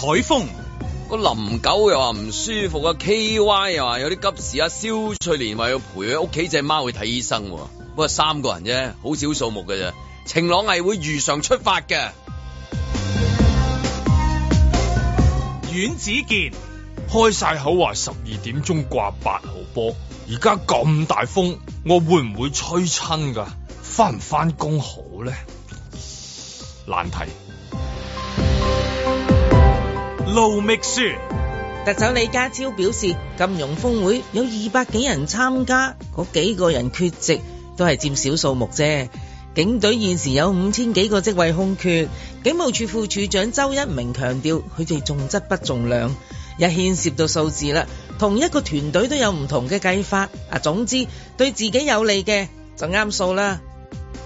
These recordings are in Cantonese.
海風，個林狗又話唔舒服啊，KY 又話有啲急事啊，蕭翠蓮話要陪佢屋企隻貓去睇醫生，不過三個人啫，好少數目㗎啫。晴朗係會如常出發嘅。阮子健開晒口話十二點鐘掛八號波，而家咁大風，我會唔會吹親㗎？返唔返工好咧？難題。路秘書特首李家超表示，金融峰會有二百幾人參加，嗰幾個人缺席都係佔少數目啫。警隊現時有五千幾個職位空缺，警務處副處長周一鳴強調，佢哋重質不重量，一牽涉到數字啦。同一個團隊都有唔同嘅計法，啊，總之對自己有利嘅就啱數啦。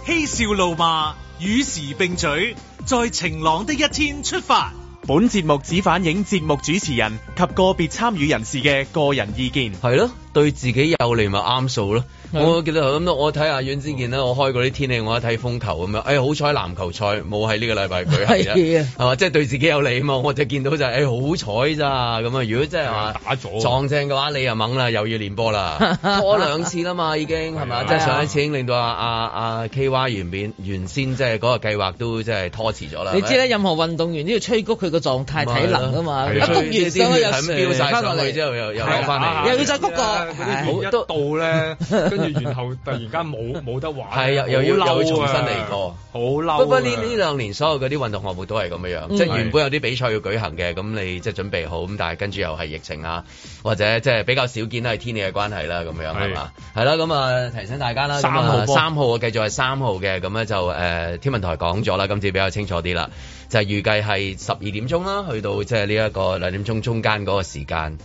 嬉笑怒罵，與時並舉，在晴朗的一天出發。本節目只反映節目主持人及個別參與人士嘅個人意見。係咯。對自己有利咪啱數咯。我記得咁我睇阿楊之健呢，我開過啲天氣，我一睇風球咁樣。哎，好彩籃球賽冇喺呢個禮拜舉行啊，係嘛？即係、就是、對自己有利嘛。我就見到就是、哎好彩咋咁啊！如果真係話打咗撞正嘅話，你又猛啦，又要練波啦。錯 兩次啦嘛，已經係嘛？即 係上一次令到阿阿阿 KY 原本原先即係嗰個計劃都即係拖遲咗啦。你知咧，任何運動員都要催谷佢個狀態體能啊嘛。一谷完上之後又後又落翻嚟，又要再谷好一到咧，跟住然後突然間冇冇 得玩，係又要又要重新嚟過，好嬲。不過呢呢兩年所有嗰啲運動項目都係咁樣樣、嗯、即原本有啲比賽要舉行嘅，咁你即係準備好，咁但係跟住又係疫情啊，或者即比較少見都係天氣嘅關係啦，咁樣係嘛？係啦，咁啊提醒大家啦，三號三號啊，繼續係三號嘅，咁咧就誒、呃、天文台講咗啦，今次比較清楚啲啦，就係、是、預計係十二點鐘啦，去到即呢一個兩點鐘中間嗰個時間。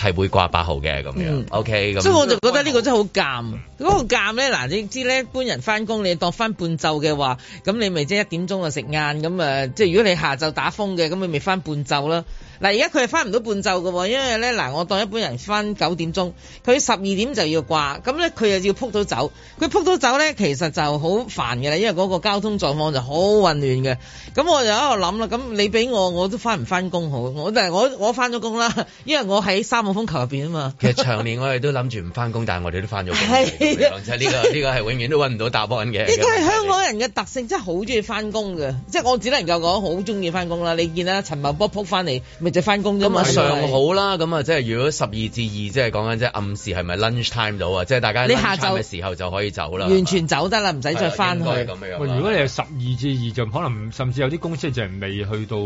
係會掛八號嘅咁樣 o k 咁。嗯、okay，所以我就覺得呢個真係好尷，嗰、嗯嗰個尷咧嗱，你知咧一般人翻工，你當翻半晝嘅話，咁你咪即係一點鐘就食晏咁啊！即係如果你下晝打風嘅，咁你咪翻半晝啦。嗱，而家佢係翻唔到半晝嘅喎，因為咧嗱，我當一般人翻九點鐘，佢十二點就要掛，咁咧佢又要撲到走，佢撲到走咧，其實就好煩嘅啦，因為嗰個交通狀況就好混亂嘅。咁我就喺度諗啦，咁你俾我我都翻唔翻工好，我但係我我翻咗工啦，因為我喺三號風球入邊啊嘛。其實長年我哋都諗住唔翻工， 但係我哋都翻咗工。係， 即係呢個呢、這個係永遠都揾唔到答案嘅。呢、這個係香港人嘅特性， 真係好中意翻工㗎，即係我只能夠講好中意翻工啦。你見啦，陳茂波撲翻嚟。上嗯、上就翻工啫嘛，上好啦。咁啊，即係如果十二至二，即係講緊即係暗示係咪 lunch time 到啊？即、就、係、是、大家你下晝嘅時候就可以走啦，完全走得啦，唔使再翻去樣。如果你係十二至二，就可能甚至有啲公司就係未去到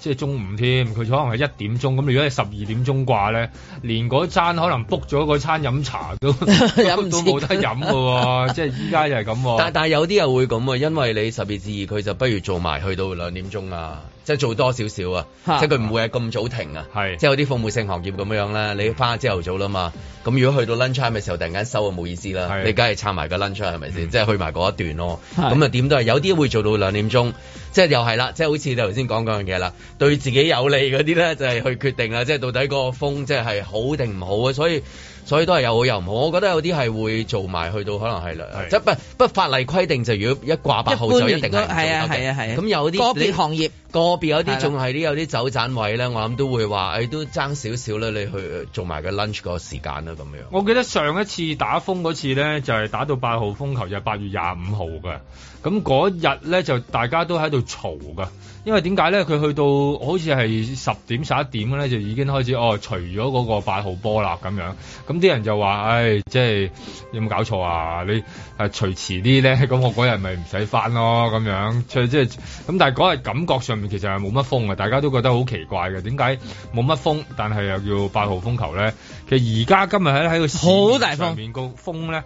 即係、就是、中午添，佢、嗯啊、可能係一點鐘。咁你如果係十二點鐘掛咧，連嗰餐可能 book 咗嗰餐飲茶都 喝不都冇得飲嘅。即係依家就係咁。但但係有啲又會咁啊，因為你十二至二，佢就不如做埋去到兩點鐘啊。即係做多少少啊，即係佢唔會係咁早停啊。係，即係有啲服務性行業咁樣啦，你翻下朝頭早啦嘛，咁如果去到 lunchtime 嘅時候突然間收啊，冇意思啦，你梗係撐埋個 lunchtime 係咪先？即係去埋嗰一段咯。咁啊點都係有啲會做到兩點鐘，即係又係啦，即係好似你頭先講嗰樣嘢啦，對自己有利嗰啲咧就係去決定啦，即係到底嗰個風即係係好定唔好啊，所以。所以都係有好有唔好，我覺得有啲係會做埋去到可能係，即不不，不法例規定就是、如果一掛八號一就一定係係啊，係啊。咁有啲個別行業個別有啲仲係啲有啲走攢位咧，我諗都會話，誒都爭少少啦，你去做埋個 lunch 個時間啦咁樣。我記得上一次打風嗰次咧，就係、是、打到八號風球，就係、是、八月廿五號嘅。咁、那、嗰、個、日咧就大家都喺度嘈㗎。因為點解咧？佢去到好似係十點十一點咧，就已經開始哦，除咗嗰個八號波啦咁樣。咁、嗯、啲人就話：，唉、哎，即係有冇搞錯啊？你啊，除遲啲咧，咁我嗰日咪唔使翻咯咁樣。即係，咁但係嗰日感覺上面其實係冇乜風嘅，大家都覺得好奇怪嘅。點解冇乜風？但係又叫八號風球咧？其實而家今日喺喺個市上面個風咧，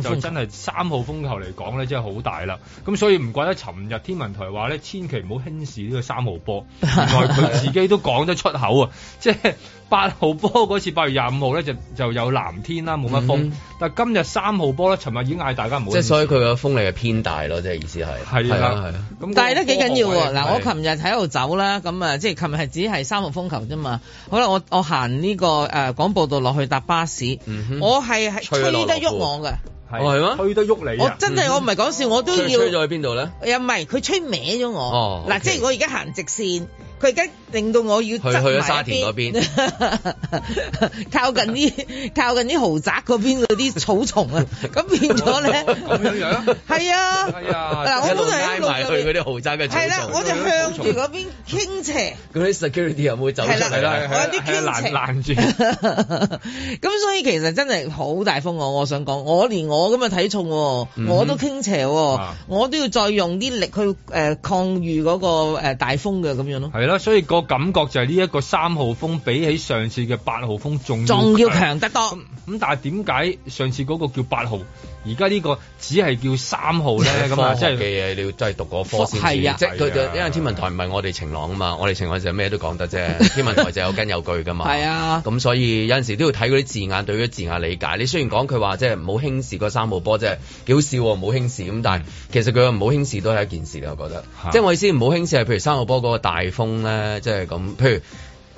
就真係三號風球嚟講咧，真係好大啦。咁、嗯、所以唔怪得尋日天,天文台話咧，千祈唔好輕。呢個三號波，原來佢自己都講得出口啊！ 即係八號波嗰次八月廿五號咧就就有藍天啦，冇乜風。嗯、但係今日三號波咧，尋日已經嗌大家唔好。即係所以佢嘅風力係偏大咯、啊啊，即係意思係。係啊係啊，咁。但係都幾緊要喎！嗱，我琴日喺度走啦，咁啊，即係琴日係只係三號風球啫嘛。好啦，我我行呢、這個誒廣播道落去搭巴士，嗯、我係係吹得喐、嗯、我嘅。係啊，哦、係嗎？推得喐你我的，我真係我唔係講笑、嗯，我都要。即係吹咗去邊度咧？又唔係佢吹歪咗我。哦，嗱、okay.，即係我而家行直線。佢而家令到我要去去咗沙田嗰邊， 靠近啲一 靠近啲豪宅嗰邊嗰啲草叢 了 啊，咁變咗咧，咁樣樣，係啊，係啊，嗱，我都係拉埋去嗰啲豪宅嘅係啦，我就向住嗰邊傾斜，嗰 啲 security 又會走出嚟，我有啲牽扯，攔住、啊，咁、啊啊啊、 所以其實真係好大風喎、啊，我想講，我連我咁嘅體重、啊，我都傾斜、啊嗯，我都要再用啲力去誒、呃、抗御嗰個誒大風嘅咁樣咯、啊，係咯。所以個感覺就係呢一個三號風比起上次嘅八號風仲仲要強得多。咁但係點解上次嗰個叫八號？而家呢個只係叫三號咧，咁、就是、啊，即係嘅嘢你要真係讀嗰科先。係啊，即係因為天文台唔係我哋晴朗啊嘛，啊我哋晴朗就咩都講得啫。 天文台就有根有據噶嘛。係啊，咁所以有陣時都要睇嗰啲字眼，對於字眼理解。你雖然講佢話即係唔好輕視嗰三號波、就是，即係幾好笑喎，唔好輕視咁，但係其實佢唔好輕視都係一件事我覺得，是啊、即係我意思唔好輕視係譬如三號波嗰個大風咧，即係咁，譬如。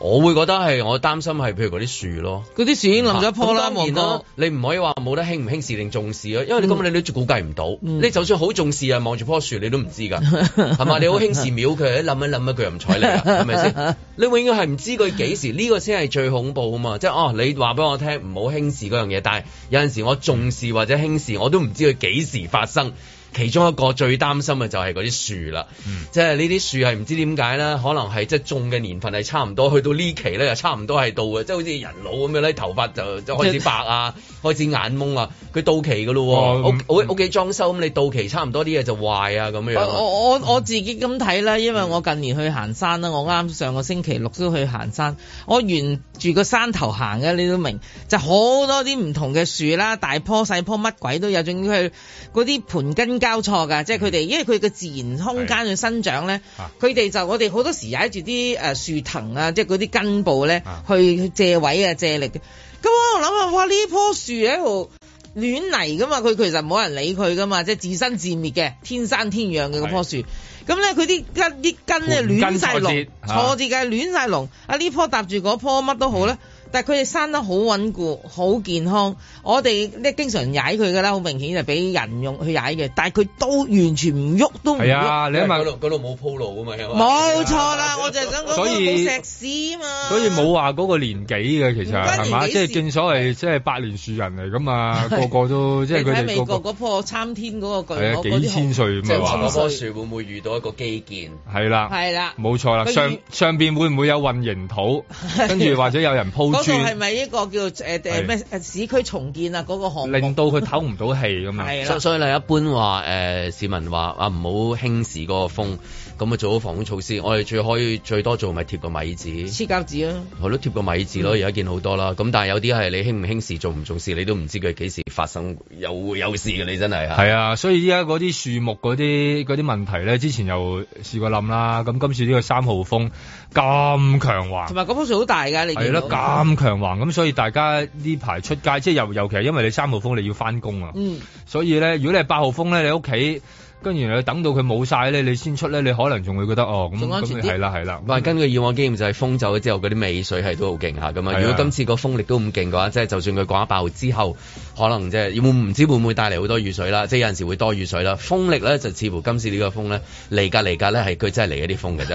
我會覺得係我擔心係譬如嗰啲樹咯，嗰啲樹已經冧咗一棵啦。啊、然之、啊、你唔可以話冇得輕唔輕視定重視咯、啊，因為根本你都估計唔到、嗯嗯。你就算好重視啊，望住棵樹你都唔知㗎，係 嘛？你好輕視藐佢，一諗一諗佢又唔睬你啦，係咪先？你永遠係唔知佢幾時呢、呢個先係最恐怖啊嘛！即係哦，你話俾我聽唔好輕視嗰樣嘢，但係有陣時我重視或者輕視我都唔知佢幾時發生。其中一個最擔心嘅就係嗰啲樹啦，即係呢啲樹係唔知點解咧，可能係即係種嘅年份係差唔多，去到呢期咧又差唔多係到嘅，即係好似人老咁樣咧，頭髮就開始白啊， 開始眼矇啊，佢到期㗎咯，屋屋屋企裝修咁你到期差唔多啲嘢就壞啊咁樣。我我我自己咁睇啦，因為我近年去行山啦，我啱上個星期六都去行山，我沿住個山頭行嘅，你都明，就好多啲唔同嘅樹啦，大棵細棵乜鬼都有，仲要係嗰啲盤根，根，交錯噶，即係佢哋，因為佢嘅自然空間去生長咧，佢哋就我哋好多時踩住啲誒樹藤啊，即係嗰啲根部咧去借位啊，借力嘅。咁我諗下，哇！呢棵樹喺度亂嚟噶嘛，佢其實冇人理佢噶嘛，即係自生自滅嘅，天生天養嘅嗰棵樹。咁咧，佢啲根，啲根咧亂晒龍坐住嘅，亂晒龍。啊，呢棵搭住嗰棵，乜都好咧。但係佢哋生得好穩固，好健康。我哋咧經常踩佢㗎啦，好明顯係俾人用去踩嘅。但係佢都完全唔喐，都係啊！你諗下，嗰度度冇鋪路㗎嘛？冇錯啦，我就係想講，所以石屎啊嘛，所以冇話嗰個年紀嘅其實係嘛，即係正所謂即係百年樹人嚟咁嘛、啊。個個都即係佢喺美國嗰棵參天嗰個、啊、幾千歲唔係話。棵樹會唔會遇到一個基建？係啦、啊，係啦、啊，冇、啊、錯啦，上上邊會唔會有混凝土， 跟住或者有人鋪。 係咪呢個叫誒誒咩誒市區重建啊嗰、嗰個項目令到佢唞唔到氣咁樣啊？ 所以所以咧，一般話誒、呃、市民話啊，唔好輕視嗰個風。咁啊，做好防風措施，我哋最可以最多做咪貼個米字，黐膠紙啊，係咯，貼個米字咯，而家見好多啦。咁但係有啲係你興唔興事，做唔做事，你都唔知佢幾時發生，有有事嘅你真係。係啊，所以依家嗰啲樹木嗰啲嗰啲問題咧，之前又試過冧啦。咁今次呢個三號風咁強橫，同埋嗰樖樹好大㗎，你係咯咁強橫。咁所以大家呢排出街，即係又尤其係因為你三號風，你要翻工啊。嗯。所以咧，如果你係八號風咧，你屋企。跟住等到佢冇晒咧，你先出咧，你可能仲會覺得哦咁。係啦係啦，根據以往經驗就係風走咗之後嗰啲尾水係都好勁下咁嘛。如果今次個風力都咁勁嘅話，即係就算佢一爆之後，可能即係唔知會唔會帶嚟好多雨水啦。即係有陣時會多雨水啦。風力咧就似乎今次呢個風咧嚟隔嚟隔咧係佢真係嚟一啲風嘅啫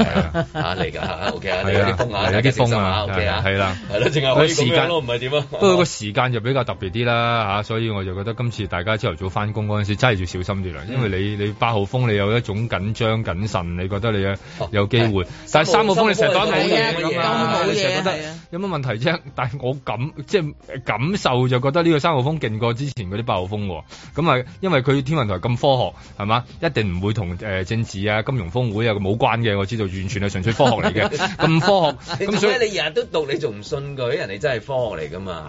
嚇嚟㗎 OK 啲風啊啲風啊一 OK 係啦係咯，正係咁咯，唔係點啊？不過個時間就比較特別啲啦、啊、所以我就覺得今次大家朝頭早翻工嗰陣時真係要小心啲啦、嗯，因為你你。你八號風你有一種緊張謹慎，你覺得你咧、哦、有機會，但係三號風你成日覺得冇嘢，成日、啊啊、覺得有乜問題啫、啊？但係我感即係感受就覺得呢個三號風勁過之前嗰啲八號風喎。咁、哦、啊，因為佢天文台咁科學係嘛，一定唔會同誒、呃、政治啊、金融峰會啊冇關嘅。我知道完全係純粹科學嚟嘅，咁 科學咁 所以你日日都讀你仲唔信佢？人哋真係科學嚟㗎嘛？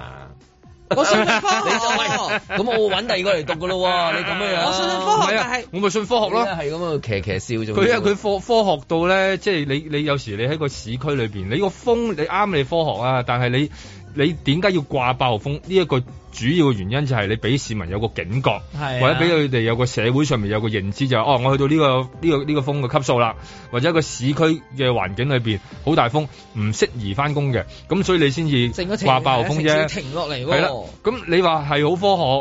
我信科學，咁我揾第二個嚟讀噶咯喎！你咁嘅樣騎騎，我信科學，但係我咪信科學咯，係咁樣騎騎笑仲。佢佢科科學到咧，即係你你有時你喺個市區裏邊，你個風你啱你科學啊，但係你。你點解要掛八號風？呢一個主要嘅原因就係你俾市民有個警覺，啊、或者俾佢哋有個社會上面有個認知，就係哦，我去到呢個呢個呢個風嘅級數啦，或者一個市區嘅環境裏邊好大風，唔適宜返工嘅，咁所以你先至掛八號風啫。停落嚟係啦。咁你話係好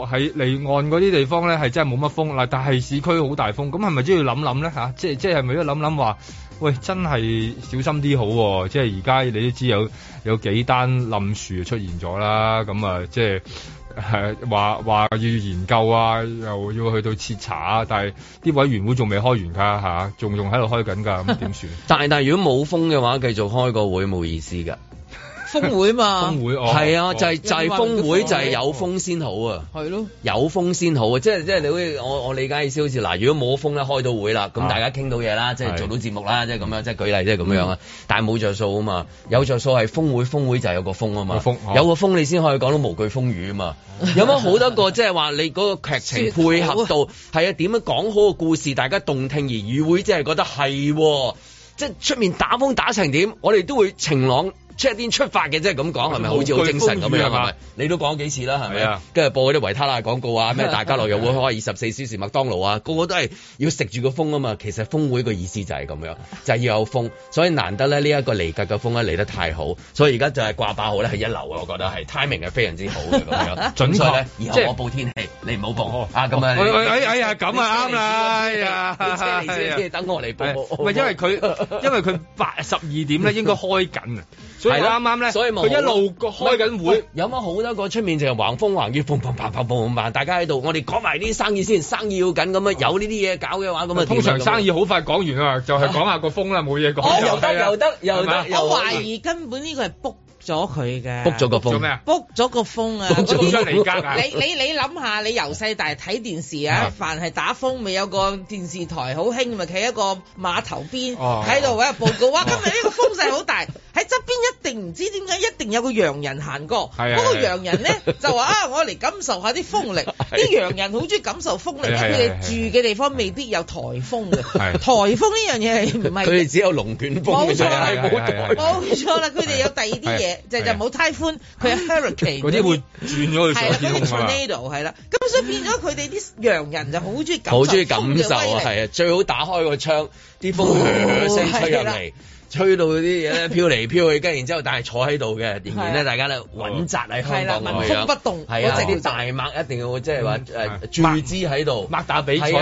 科學，係離岸嗰啲地方咧係真係冇乜風嗱，但係市區好大風，咁係咪都要諗諗咧吓？即係即係係咪要諗諗話？喂，真係小心啲好喎，即係而家你都知有有幾單冧樹出現咗啦，咁啊即係係話話要研究啊，又要去到徹查啊，但係啲委員會仲未開完㗎嚇，仲仲喺度開緊㗎，咁點算？ 但係但係如果冇風嘅話，繼續開個會冇意思㗎。峰會嘛，峰會係啊，就係、是、就係峰會，就係有風先好啊，係咯，有風先好啊，即係即係你好似我我理解意思，好似嗱，如果冇風咧開到會啦，咁大家傾到嘢啦，即係做到節目啦，即係咁樣，即係舉例是，即係咁樣啊，但係冇著數啊嘛，有著數係峰會、嗯，峰會就係有個風啊嘛有風，有個風你先可以講到無懼風雨啊嘛， 有乜好多個即係話你嗰個劇情配合度係啊，點、啊、樣講好個故事，大家動聽而與會、就是哦，即係覺得係，即係出面打風打成點，我哋都會晴朗。出發嘅即係，咁講係咪好似好精神咁樣？係、啊、你都講幾次啦？係咪？啊？跟住播嗰啲維他奶廣告啊，咩大家樂又會開二十四小時麥當勞啊，個個都係要食住個風啊嘛。其實風會個意思就係咁樣，就係、是、要有風。所以難得咧，呢、這、一個嚟屆嘅風咧、啊、嚟得太好，所以而家就係掛八號咧係一流啊，我覺得係 timing 係非常之好嘅咁 樣準確咧。以後我報天氣，就是、你唔好報我啊。咁、哦、啊、哦哦，哎呀，咁啊啱啦。你我哎你我哎、你等我嚟報，哎、報，因為佢， 因為佢八十二點咧應該開緊啊。係啦啱啱咧，所以佢、啊、一路開緊會，嗯嗯嗯嗯嗯、有乜好多個出面就橫風橫雨，嘭嘭嘭嘭嘭嘭嘭，大家喺度，我哋講埋啲生意先，生意要緊咁樣，有呢啲嘢搞嘅話咁啊，通常生意好快講完,、就係講講完哦、啊，就係講下個風啦，冇嘢講。又得、啊、又得又得，我懷疑根本呢個係 book。咗佢嘅，卜咗個風做咩啊？卜咗個風啊！你你你諗下，你由細大睇電視啊，凡係打風，咪有個電視台好興，咪企喺個碼頭邊，喺度搵個報告話今日呢個風勢好大，喺側邊一定唔知點解，一定有個洋人行過。係啊。嗰個洋人咧就話啊，我嚟感受下啲風力。啲洋人好中意感受風力，因為佢哋住嘅地方未必有台風嘅。係。台風呢樣嘢係唔係？佢哋只有龍捲風。冇錯，冇錯啦，佢哋有第二啲嘢。即就就冇太寬佢係 hurricane。嗰啲會轉咗去上天係啦，係咁、啊啊啊、所以變咗佢哋啲洋人就好中意感受風雨嚟。係啊，啊，啊，最好打開個窗，啲 風嘩聲吹入嚟、啊，吹到啲嘢咧飄嚟飄去，跟 住然之後，但係坐喺度嘅，仍、啊、然咧大家咧 穩紮喺香港啊，風不動係啊，啊大馬一定要、嗯、即係話誒注資喺度，嗯啊、打比賽喺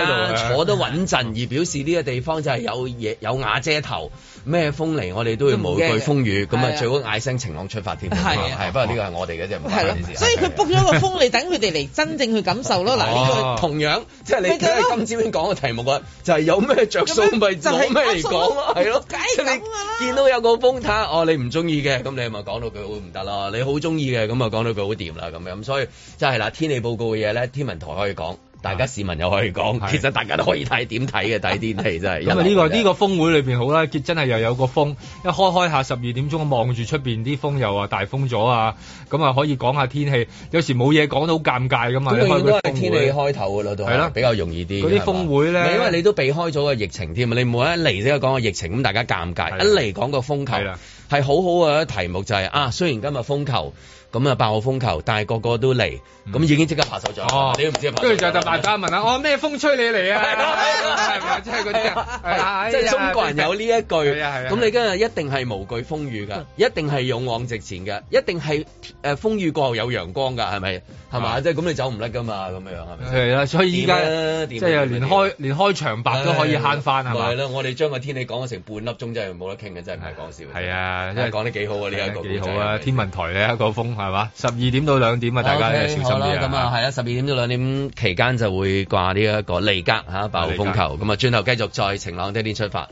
度，坐得穩陣而表示呢個地方就係有嘢有瓦遮頭咩風嚟，我哋都要無懼風雨，咁啊最好嗌聲晴朗出發添。係，不過呢個係我哋嘅啫，唔關所以佢 book 咗個風，嚟，等佢哋嚟真正去感受咯。嗱、 啊，呢、呢個同樣即係你睇下今朝先講嘅題目啊，就係、是就是就是就是、有咩着數咪講咩嚟講咯，係、就、咯、是。即見、就是、到有個崩塌，哦，你唔中意嘅，咁你咪講到佢會唔得啦。你，你， 你好中意嘅，咁啊講到佢好掂啦。咁樣咁所以即係嗱，天氣報告嘅嘢咧，天文台可以講。大家市民又可以講，其實大家都可以睇點睇嘅睇天氣真係。因為呢個呢、呢個峯會裏面好啦，結真係又有個風一開開下十二點鐘望住出面啲風又話大風咗啊！咁啊可以講下天氣，有時冇嘢講都好尷尬噶嘛。主要都係天氣開頭噶啦，都係。啦、啊，比較容易啲。嗰啲峯會咧，因為你都避開咗個疫情添啊！你每一嚟都講個疫情，咁大家尷尬一嚟講個風球係啦，係、啊啊、好好嘅題目就係、係、啊，雖然今日風球，咁啊，爆我風球，但係個個都嚟，咁已經即刻拍手掌。哦，你都唔知啊。跟住就大家問下，我、哦、咩風吹你嚟啊？係咪即係嗰啲啊？即係中國人有呢一句，咁、哎、你今日一定係無懼風雨嘅、哎，一定係勇往直前嘅、哎，一定係誒風雨過後有陽光㗎，係咪？係、啊就是、嘛，即係咁你走唔甩噶嘛，咁樣樣係咪？係啊，所以依家即係連開、啊、連開場白都可以慳翻係咪？係啦，我哋將個天氣講咗成半粒鐘，真係冇得傾嘅，真係唔係講笑。係啊，真係講得幾好啊呢一個，幾好啊天文台咧一、那個風係嘛，十二點到兩點啊，大家 okay，小心啲啊。咁啊，係啊，十二點到兩點期間就會掛呢一個利格嚇暴風球。咁啊，轉頭繼續再晴朗啲天出發，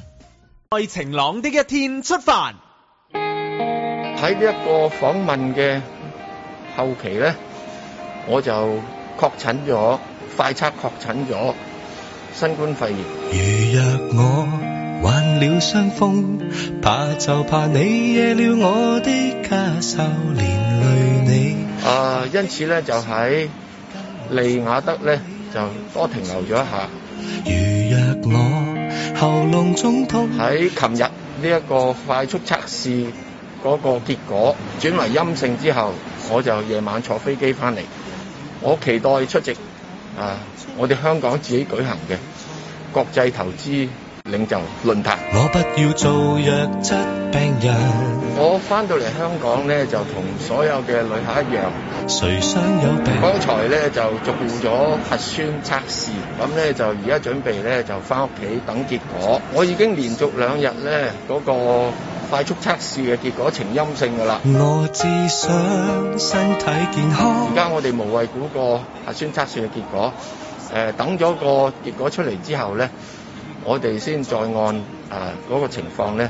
再晴朗啲嘅天出發。喺呢一個訪問嘅後期咧。我就確診咗，快測確診咗新冠肺炎。如若我患了傷風，怕就怕你惹了我的咳嗽，連累你。啊、呃，因此咧就喺利雅得咧就多停留咗一下。如若我喉嚨腫痛，喺琴日呢一個快速測試嗰個結果轉為陰性之後，我就夜晚坐飛機翻嚟。我期待出席啊！我哋香港自己舉行嘅國際投資領袖論壇。我不要做弱質病人。我翻到嚟香港咧，就同所有嘅旅客一樣。誰想有病？剛才咧就做咗核酸測試，咁咧就而家準備咧就翻屋企等結果。我已經連續兩日咧嗰個快速測試嘅結果呈陰性噶啦。我只想身體健康。而家我哋無謂估個核酸測試嘅結果。誒、呃，等咗個結果出嚟之後咧，我哋先再按誒嗰、呃那個情況咧。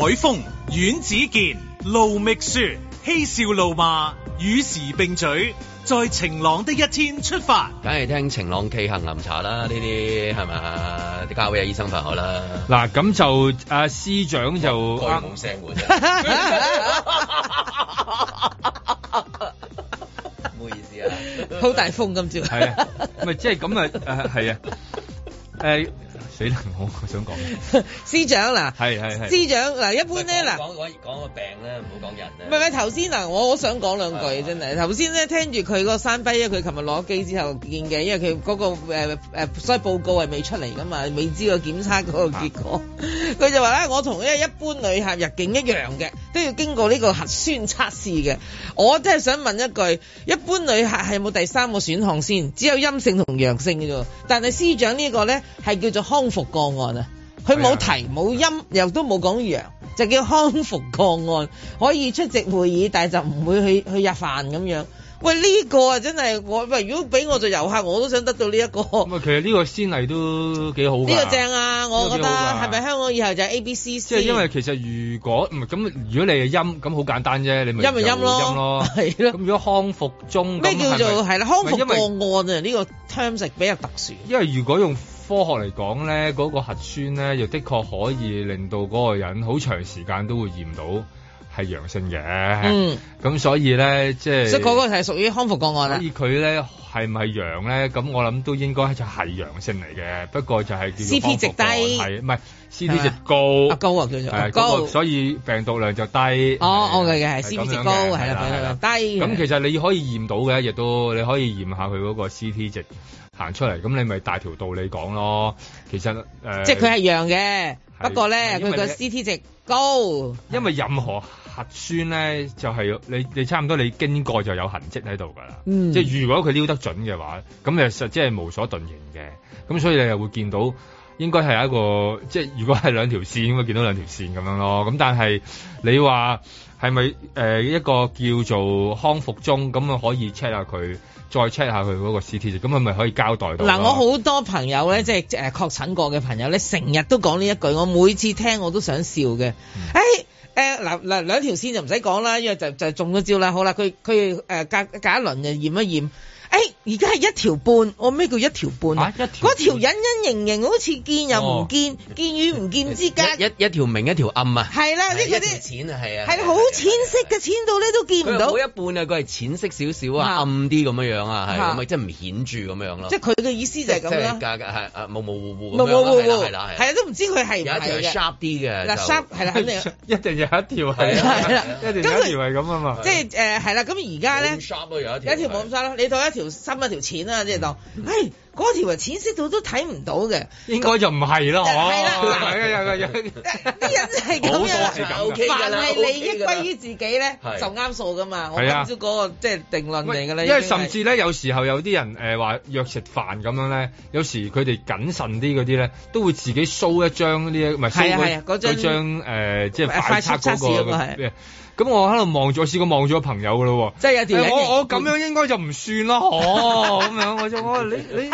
海風、阮子健、路覓雪、嬉笑怒罵，與時並嘴，在晴朗的一天出發。梗係聽晴朗企行臨茶啦，呢啲係嘛啲交俾阿醫生朋友啦。嗱，咁就阿、啊、司長就開冇聲唔好意思啊！好大風今朝。係 啊。咪即係咁啊？係啊。誒、啊。啊 啊死啦！我我想講 司長嗱，係係係，司長嗱，一般咧嗱，講講個病咧，唔好講人唔係唔係，頭先嗱，我我想講兩句 真係頭先咧，聽住佢個山碑咧，佢琴日攞機之後見嘅，因為佢嗰、嗰個誒誒、呃呃，所以報告係未出嚟噶嘛，未知個檢測個結果。佢、啊、 就話咧，我同咧一般旅客入境一樣嘅，都要經過呢個核酸測試嘅。我真係想問一句，一般旅客係冇第三個選項先，只有陰性同陽性嘅啫。但係司長呢個呢個咧係叫做康。康復個案啊，佢冇提冇陰，又都冇講陽，就叫康復個案可以出席會議，但係就唔會去去日飯咁樣。喂，呢、這個啊真係我，喂，如果俾我做遊客，我都想得到呢、這、一個。咁啊，其實呢個先例都幾好呢、這個正啊，我覺得係咪、這個、香港以後就係 A B C C？即係因為其實如果唔係咁，如果你係陰咁好簡單啫，你咪陰咪陰咯，陰咯係咯。咁如果康復中咩叫做係啦康復個案啊？呢、這個 terms 比較特殊。因為如果用科學嚟講咧，嗰、那個核酸咧，又的確可以令到嗰個人好長時間都會驗到係陽性嘅。嗯，咁所以咧，即係，所以嗰個係屬於康復個案啊。所以佢咧係唔係陽咧？咁我諗都應該就係陽性嚟嘅，不過就係叫康復、CT、值低？係唔係？CT 值高、啊，高啊，叫做、啊啊、高，所以病毒量就低。哦哦嘅嘅，CT 值高係啦、啊，病毒量低。咁、啊啊嗯、其實你可以驗到嘅，亦都你可以驗下佢嗰個 CT 值。行出嚟咁你咪大條道理講咯，其實誒、呃、即係佢一樣嘅，不過咧佢個 CT 值高，因為任何核酸咧就係你你差唔多你經過就有痕跡喺度㗎啦，即係如果佢撩得準嘅話，咁你實即係無所遁形嘅，咁所以你又會見到。應該係一個即係，如果係兩條線，應該見到兩條線咁樣咯。咁但係你話係咪誒一個叫做康復中，咁啊可以 check 下佢，再 check 下佢嗰個 CT，咁啊咪可以交代到。嗱，我好多朋友咧，即係誒、呃、確診過嘅朋友咧，成日都講呢一句，我每次聽我都想笑嘅。誒、嗯、誒、哎，嗱、呃、嗱兩條線就唔使講啦，因為就就中咗招啦。好啦，佢佢誒隔隔一輪就驗一驗。誒、欸，而家係一條半，我、哦、咩叫一條半一嗰條隱隱形形，好似見又唔見，哦、見與唔見之間，一一條明一條暗啊！係啦，呢個啲淺係啊，係好淺色嘅，淺到咧都見唔到。冇一半啊，佢係淺色少少啊，暗啲咁樣樣啊，係咁即係唔顯著咁樣咯。即係佢嘅意思就係咁樣，即、就、係、是，係啊，模模糊糊係啊，都唔知佢係有 sharp 啲嘅，sharp 係啦，一定有一條係，啦，一以一咁啊嘛。即係誒，係啦，咁而家咧，一冇咁 sharp 一條條深一條淺啦，即、就、係、是、當，哎，嗰條啊淺色度都睇唔到嘅，應該就唔係咯，嗬、啊。係啦，係、 okay okay okay、啊，有有有，啲人係咁樣，飯係利益歸於自己咧，就啱數噶嘛。我啊，嗰個即係定論嚟嘅咧。因為甚至咧，有時候有啲人誒話約食飯咁樣咧，有時佢哋謹慎啲啲咧，都會自己 show 一張呢一，唔係 show 張誒、啊啊呃、即係快測嗰、那個。咁我喺度望咗，試過望咗個朋友噶咯喎。即係有條件、欸，我我咁樣應該就唔算啦，嗬 咁樣。我我你你你呢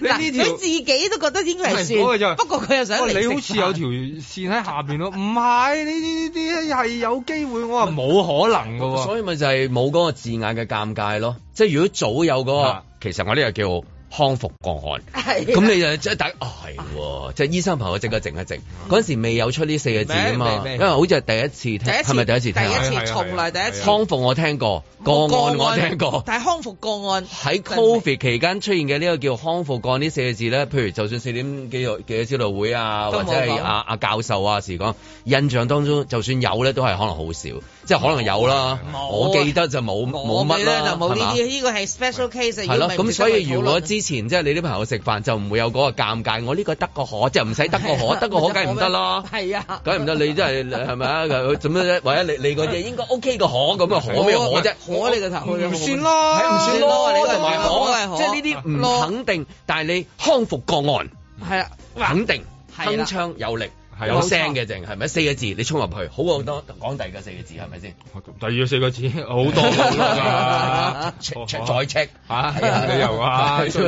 條，佢 自己都覺得應該係算。不，不過佢又想嚟。你好似有條線喺下面咯，唔係呢呢啲係有機會，我話冇 可能噶喎。所以咪就係冇嗰個字眼嘅尷尬咯。即係如果早有嗰、嗰個，其實我呢個叫康復個案，咁、啊、你就即係第，係即係醫生朋友即刻靜一靜。嗰時未有出呢四個字啊嘛，因為好似係第一次聽，係咪第一次，是是第一次聽？第一次，從來第一次。啊啊啊啊、康復我聽過，個案我聽過，但係康復個案喺 Covid 期間出現嘅呢個叫康復個案呢四個字咧，譬如就算四點幾乎幾個交流會啊，或者係阿阿教授啊，時講印象當中，就算有咧，都係可能好少，即係可能有啦。有啊、我記得就冇冇乜啦，係呢、這個係 special case、啊。咯，咁所以如果之前即係你啲朋友食飯就唔會有嗰個尷尬，我呢個得個可就唔使得個可，得個可梗唔得咯。係啊，梗唔得你真係係咪啊？做咩啫？或者你你個嘢應該 OK 個可咁啊？可咩可啫？可你個頭唔算咯，係唔算咯？你呢度可即係呢啲唔肯定，但係你康復個案係啊，肯定鏗鏘有力。係有聲嘅淨係咪四個字，你衝入去，好過多講第二個四個字，係咪先？第二個四個字好多好 好多㗎，check 再 check 嚇，係啊，理、啊、由啊，要出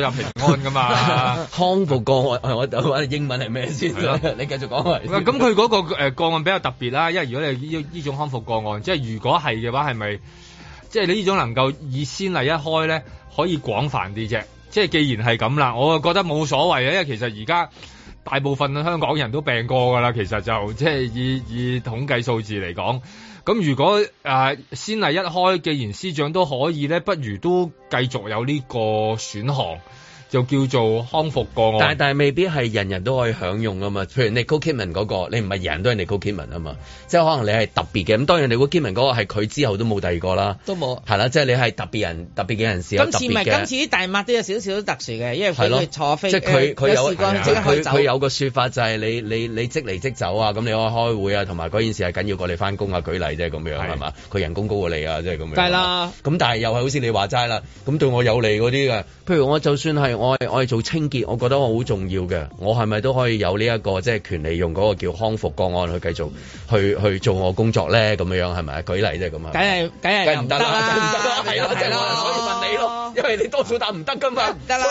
入平安㗎嘛？ 康復個案，我我，我英文係咩先 是、啊？你繼續講，咁佢嗰個誒個案比較特別啦，因為如果你依呢種康復個案，即係如果係嘅話，係咪即係你呢種能夠以先例一開咧，可以廣泛啲啫？即係既然係咁啦，我覺得冇所謂咧，因為其實而家。大部分香港人都病過噶啦，其實就即係以以統計數字嚟講。咁如果誒、呃、先例一開，既然司長都可以咧，不如都繼續有呢個選項。就叫做康復個案，啊，但係但係未必係人人都可以享用啊嘛。譬如你 Nicole Kidman 嗰個，你唔係人人都係你 Nicole Kidman 啊嘛。即係可能你係特別嘅。咁當然你 Nicole Kidman 嗰個係佢之後都冇第二個啦，都冇。係啦，即係你係特別人、特別嘅人士。今次唔係今次啲大麥都有少少特殊嘅，因為佢坐飛即佢有，有，有個説法就係你你你即嚟即走啊，咁、哎你，你，哎、你可以開會啊，同埋嗰件事係緊要過你翻工啊。舉例即啫咁樣係嘛？佢人工高過你啊，即係咁樣。梗係啦，咁但係又係好似你話齋啦，咁對我有利嗰啲啊，譬如我就算係。我係我係做清潔，我覺得我好重要嘅，我係咪都可以有呢、這、一個即係權利用嗰個叫康復個案去繼續去去做我工作咧，咁樣樣係咪啊？舉例啫咁啊。梗係梗係梗唔得啦，梗唔得啦，係咯係咯，所以問你咯，因為你多數答唔得噶嘛，唔得啦，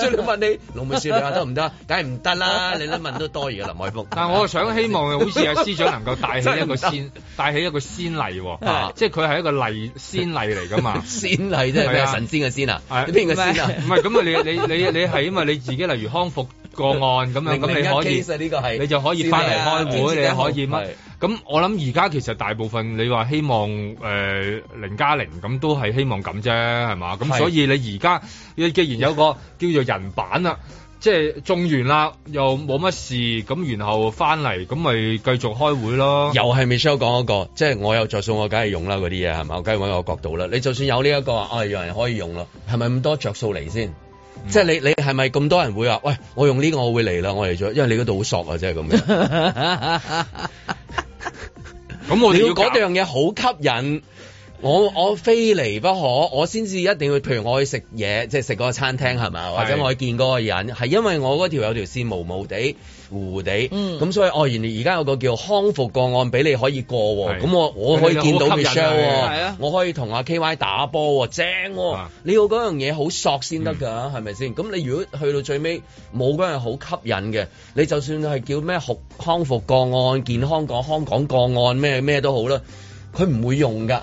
專門問你農民小姐得唔得？梗係唔得啦，你都問都多餘嘅林海峰。但我想希望，好似阿司長能夠帶起一個先，帶起一個先例喎、啊啊，即係佢係一個例先例嚟噶嘛，先例即係咩神仙嘅先啊？係邊個先啊？唔係咁你你。 你你係因為你自己例如康復個案咁樣咁你可以個、啊這個，你就可以翻嚟開會你、啊，你可以乜？咁我諗而家其實大部分你話希望誒零加零咁，都係希望咁啫，係嘛？咁所以你而家既然有個叫做人板啦，即係、就是、中完啦，又冇乜事，咁然後翻嚟咁咪繼續開會咯。又係未想 h 講個，即、就、係、是、我又再數我用，我梗係用啦嗰啲嘢係嘛，我梗係揾個角度啦。你就算有呢、這、一個，我係有人可以用咯，係咪咁多着數嚟先？嗯、即係你，你係咪咁多人會話：「喂，我用呢個我會嚟啦，我嚟咗，因為你嗰度好索啊。」即係咁樣。咁 我哋要嗰樣嘢好吸引。我我非離不可，我先至一定要，譬如我去食嘢，即係食嗰個餐廳係咪？或者我去見嗰個人，係因為我嗰條有條線毛毛地、糊糊地，咁、嗯、所以哦，原來而而家有個叫康復個案俾你可以過、哦，咁我我可以見到嘅 s 喎。我可以同阿 K Y 打波、哦，正、哦啊、你要嗰樣嘢好索先得噶，係咪先？咁你如果去到最尾冇嗰樣好吸引嘅，你就算係叫咩康康復個案、健康個康港個案咩咩都好啦，佢唔會用噶。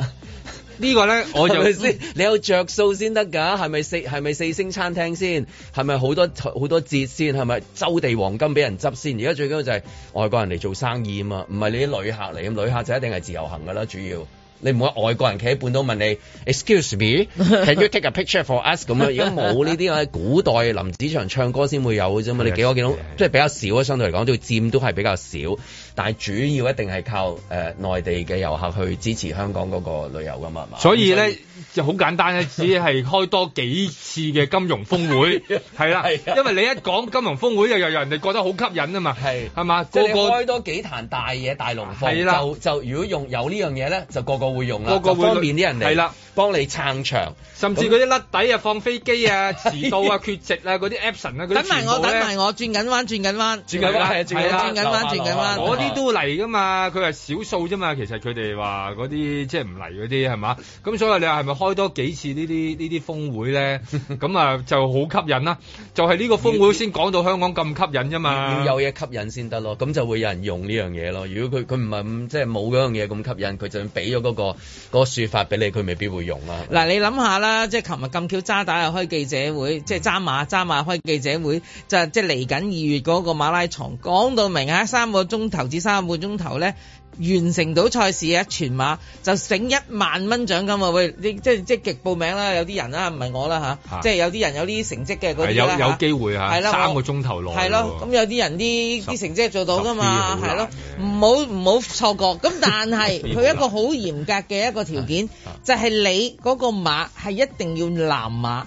這個、呢個咧，我就先你有著數先得㗎，係咪四係咪四星餐廳先？係咪好多好多折先？係咪周地黃金俾人執先？而家最緊要就係外國人嚟做生意啊嘛，唔係你啲旅客嚟，咁旅客就一定係自由行㗎啦。主要你唔好外國人企喺半島問你，Excuse me，can you take a picture for us 咁樣？而家冇呢啲喺古代林子祥唱歌先會有㗎啫嘛。 你幾多見到，即係比較少啊，相對嚟講，都要佔都係比較少。但主要一定係靠誒內、呃、地嘅遊客去支持香港嗰個旅遊㗎嘛，所以咧就好簡單咧， 只係開多幾次嘅金融峰會係啦、 啊啊，因為你一講金融峰會又又 人哋覺得好吸引啊嘛，係係嘛，個開多幾壇大嘢、啊、大龍鳳、啊，就就如果用有呢樣嘢咧，就個個會用啦，個個方便啲人嚟、啊，係啦幫你撐場，甚至嗰啲甩底啊甩底、放飛機啊、遲到啊、 缺席啊嗰啲 action 啊，absin, 等埋我，等埋我轉緊彎，轉緊彎，轉緊彎轉緊彎，轉緊彎，轉緊彎。都嚟噶嘛？佢係少數啫嘛。其實佢哋話嗰啲即係唔嚟嗰啲係嘛？咁所以你話係咪開多幾次呢啲呢啲峰會咧？咁 啊 就好吸引啦、啊。就係、是、呢個峰會先講到香港咁吸引啫嘛、嗯嗯。有嘢吸引先得咯。咁就會有人用呢樣嘢咯。如果佢佢唔係即係冇嗰樣嘢咁吸引，佢就算俾咗嗰個嗰、嗰個說法俾你，佢未必會用啦。嗱，你諗下啦，即係琴日咁巧渣打又開記者會，即係渣馬渣馬開記者會，就係即係嚟緊二月嗰個馬拉松講到明，喺三個鐘頭。二三個半鐘頭咧，完成到賽事呀，全馬就省一萬蚊獎金啊！喂，你即係即係積極報名啦，有啲人啦，唔係我啦吓，即係有啲人有呢啲成績嘅啲有有機會，三個鐘頭內係咯。咁有啲人啲啲成績做到噶嘛，係咯，唔好唔好錯過。咁 但係佢一個好嚴格嘅一個條件係係就係、係、你嗰個馬係一定要藍馬。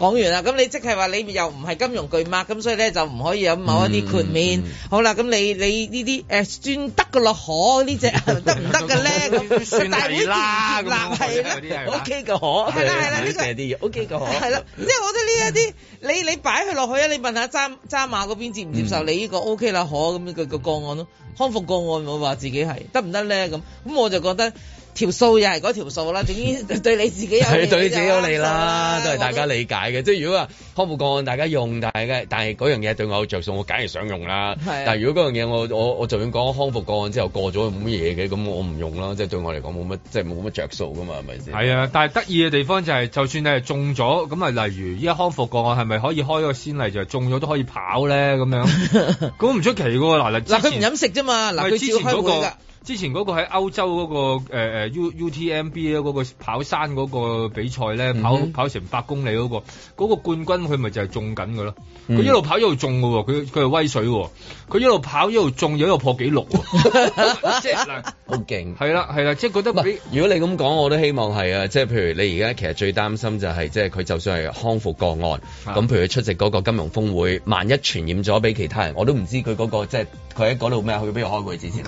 講完啦，咁你即係話你又唔係金融巨擘，咁所以咧就唔可以有某一啲豁免，嗯嗯。好啦，咁你你呢啲誒，啊專得可行行啊， 算得噶啦，可呢隻得唔得噶咧？算、啊、係啦，咁係啦，OK 噶可。係啦係啦，呢個 OK 噶可。係啦，即、這、係、個啊，我覺得呢一啲，你你擺佢落去啊，你問下揸揸馬嗰邊接唔接受你呢個 OK 啦可，咁佢個個案咯，康復個案我話自己係得唔得咧？咁咁我就覺得。條數又係嗰條數啦，總之對你自己有利 對你自己有利啦，都係大家理解嘅。即係如果話康復個案，大家用，但係嘅但係嗰樣嘢對我有着數，我梗係想用啦。啊、但係如果嗰樣嘢我我我就算講康復個案之後過咗冇乜嘢嘅，咁我唔用啦。即係對我嚟講冇乜，即係冇乜着數噶嘛，係咪先？係啊，但係得意嘅地方就係、是，就算你係中咗咁啊，就例如依家康復個案係咪可以開一個先例，就係中咗都可以跑咧咁樣？咁唔出奇喎，嗱嗱，佢唔飲食啫嘛，嗱佢之前開、那、過、個之前嗰個喺歐洲嗰、那個誒、呃、U T M B 咧嗰個跑山嗰個比賽咧，mm -hmm. 跑跑成百公里嗰、那個嗰、那個冠軍佢咪就係中緊嘅咯？佢、mm -hmm. 一路跑一路中嘅喎，佢佢係威水喎！佢一路跑一路中，一路一路中 又一路破紀錄喎！即 係、 就是、好勁係啦係啦！即係、就是、覺得如果你咁講，我都希望係啊！即、就、係、是、譬如你而家其實最擔心就係即係佢就算係康復個案咁，啊、譬如出席嗰個金融峰會，萬一傳染咗俾其他人，我都唔知佢嗰、那個即係佢喺嗰度咩？就是、去邊度開會之前？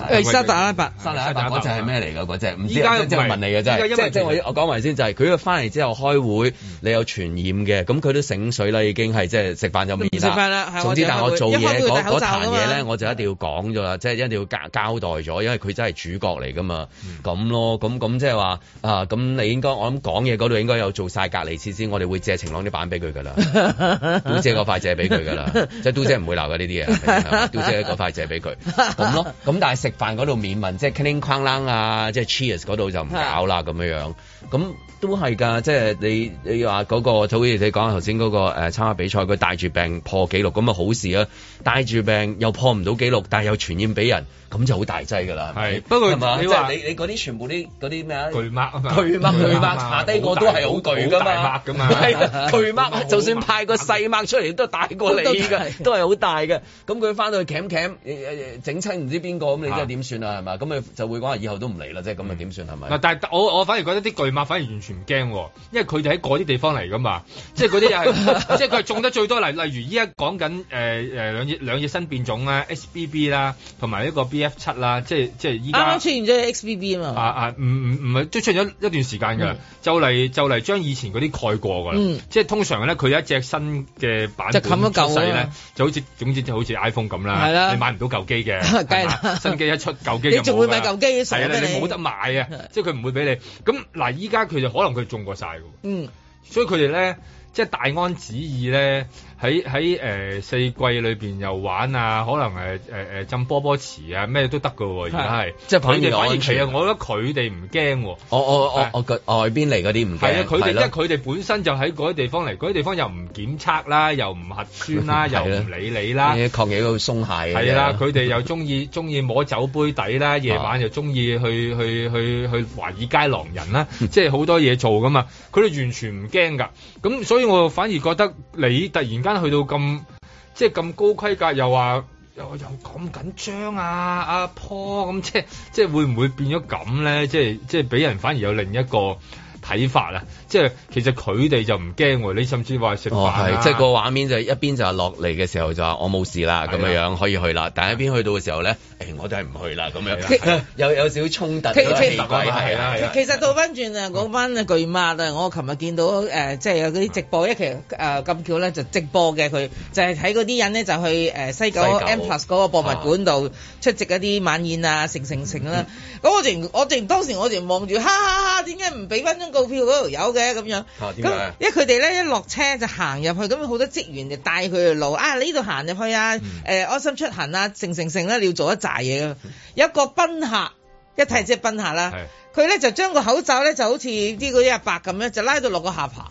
生嚟啊！但嗰隻係咩嚟㗎？嗰隻唔知，即係問你嘅真即係即係我我講埋先，就係佢翻嚟之後開會，你有傳染嘅，咁、嗯、佢、嗯、都醒水啦，已經係即係食飯就免啦。食咁。總之，我但我做嘢嗰壇嘢咧，我就一定要講咗啦，即係一定要交代咗，因為佢真係主角嚟㗎嘛。咁咯，咁咁即係話啊，咁你應該我諗講嘢嗰度應該有做晒隔離設施，我哋會借晴朗啲板俾佢㗎啦，都借個塊借俾佢㗎啦，即係都唔會鬧㗎呢啲嘢，都借一個塊借俾佢，咁咯，咁但係食飯嗰度免問。即係 clean 框欄啊，即係 cheers 嗰度就唔搞啦咁樣樣，咁都係㗎。即係你你話嗰、嗰個，好似你講頭先嗰個誒、呃、參加比賽，佢帶住病破紀錄咁啊好事啊！帶住病又破唔到紀錄，但係又傳染俾人，咁就好大劑㗎啦。係不過你你嗰啲全部啲嗰啲咩啊巨擘啊巨擘巨擘查低個都係好巨㗎嘛，巨擘咁啊！巨擘就算派個細擘出嚟都大過你㗎，都係好大㗎。咁佢翻到去 c a m a 整親唔知邊個咁，你真係點算啊？係嘛？咁咪就會講話以後都唔嚟啦，即係咁咪點算係咪？但係我我反而覺得啲巨馬反而完全唔驚喎，因為佢哋喺嗰啲地方嚟噶嘛， 即係嗰啲又係即係佢係種得最多例，例如依家講緊誒誒兩隻兩隻新變種啦 XBB 啦，同埋呢個 BF 七啦，即係即係依家出現咗 XBB 啊嘛唔唔唔係出現咗一段時間㗎、嗯，就嚟就嚟將以前嗰啲蓋過㗎啦、嗯，即係通常咧佢有一隻新嘅版出世咧，就好似總之就好似 iPhone 咁啦，你買唔到舊機嘅，新機一出舊機就。唔會買嚿機嘅，碎俾你，冇得買啊。即係佢唔會俾你。咁嗱，依家佢就可能佢中過晒噶。嗯，所以佢哋咧，即係大安旨意咧。喺喺誒四季裏邊遊玩啊，可能誒誒誒浸波波池啊，咩都得噶喎！而家係即係反而反而其實我覺得佢哋唔驚喎。我我我我外邊嚟啲唔驚，係啊，佢哋即係佢哋本身就喺嗰啲地方嚟，嗰啲地方又唔檢測啦，又唔核酸啦，又唔理你啦。確抗體都鬆懈。係啦，佢哋又中意中意摸酒杯底啦，夜 晚又中意去去去去華爾街狼人啦，即係好多嘢做噶嘛。佢 哋完全唔驚㗎。咁所以，我反而覺得你突然間。去到咁即係咁高規格，又話又又咁緊張啊！阿婆咁即係即係會唔會變咗咁咧？即係即係俾人反而有另一個睇法！啊！即係其實佢哋就唔驚喎，你甚至話食飯哦，係即係個畫面就一邊就係落嚟嘅時候就話我冇事啦咁樣樣可以去啦，但係一邊去到嘅時候咧、哎，我都係唔去啦咁樣，有有少少衝突奇怪係啦，其實倒翻轉啊嗰班巨擘啊，我琴日見到誒即係有啲直播，嗯、一期誒咁巧咧就直播嘅佢，就係睇嗰啲人咧就去誒、呃、西九，西九 M plus 嗰個博物館度、啊、出席一啲晚宴啊成成成。啦、嗯，咁我直我直當時我直望住哈哈哈，點解唔俾翻張告票度有嘅？咁、啊、樣，咁因為佢哋咧一落車就行入去，咁好多職員就帶佢去路啊，你呢度行入去啊，誒，安心出行啊，成成成啦，你要做一扎嘢咯。有、嗯、一個賓客，一睇即係賓客啦，佢咧就將個口罩咧就好似啲嗰啲阿伯咁樣，就拉到落個下巴。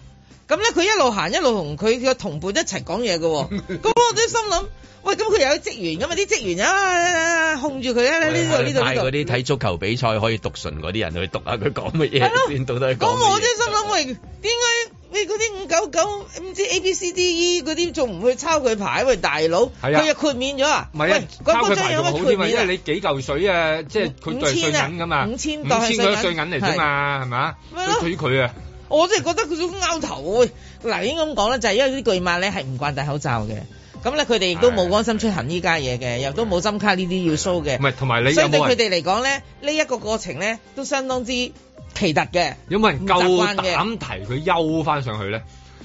咁咧佢一路行一路同佢個同伴一齊講嘢嘅，咁 我都心諗。喂，咁佢有啲職員，咁啊啲職員啊控住佢啊！呢度，呢度賣嗰啲睇足球比賽可以讀唇嗰啲人去讀下佢講乜嘢？邊度都係咁。咁我真心諗喂，點解你嗰啲五九九唔知 A B C D E 嗰啲，仲唔去抄佢牌喂大佬？佢又豁免咗啊？咪啊，抄佢牌仲好啲嘛？因為你幾嚿水啊，即係佢袋碎咁啊，五千袋碎銀嚟啫嘛，係咪咯，對於佢啊，我真係覺得佢都拗頭。嗱，應該咁講咧，就係因為啲巨擘咧係唔慣戴口罩嘅。咁咧，佢哋亦都冇安心出行依家嘢嘅，又都冇針卡呢啲要 show 嘅。唔係同埋你有有，所以對佢哋嚟講咧，呢、這、一個過程咧都相當之奇特嘅。有冇人夠膽提佢優翻上去咧？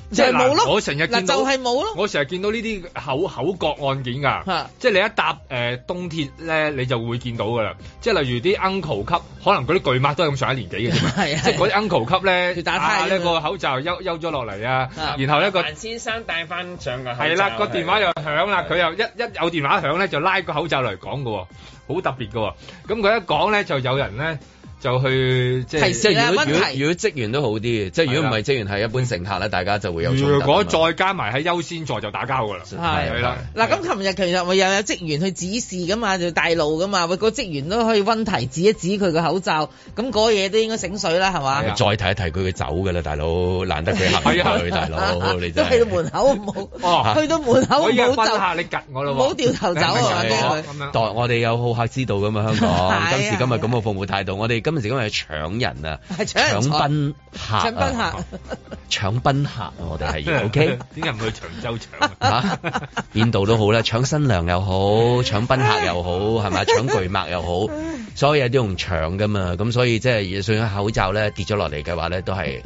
即係冇咯，我成日嗱就係冇咯，我成日見到呢啲口口角案件噶，即係你一搭誒東鐵咧，你就會見到噶啦。即係例如啲 uncle 級，可能嗰啲巨擘都係咁上一年紀嘅，即係嗰啲 uncle 級咧，啊，個口罩丟丟咗落嚟啊，然後咧個陳先生戴翻上個係啦，個電話又響啦，佢又一一有電話響咧就拉個口罩嚟講噶，好特別噶，咁佢一講咧就有人咧。就去即係即係，如果如果，如果職員都好啲即係如果唔係職員係一般乘客咧，大家就會有。如果再加埋喺優先座就打交噶啦，係啦。嗱咁琴日其實咪又有職員去指示噶嘛，就大路噶嘛，個職員都可以溫提指一指佢個口罩，咁嗰嘢都應該醒水啦，係嘛、啊？再提一提佢要走噶啦，大佬難得佢行去，大佬、啊、你真係去到門口冇、哦、去到門口冇就你夾我咯，冇掉頭走你是是啊，咁樣代我哋有好客之道噶嘛，香港、 啊、今時今日咁嘅服務態度，啊、 我哋。今陣時因為搶人，搶人搶賓搶賓啊，搶賓客啊，搶賓客，我哋係，O K。點解唔去長洲搶啊？邊度都好啦，搶新娘又好，搶賓客又好，係 咪？搶巨擘又好， 所有嘢都用搶噶嘛。咁所以即係，所以口罩咧跌咗落嚟嘅話咧，都係。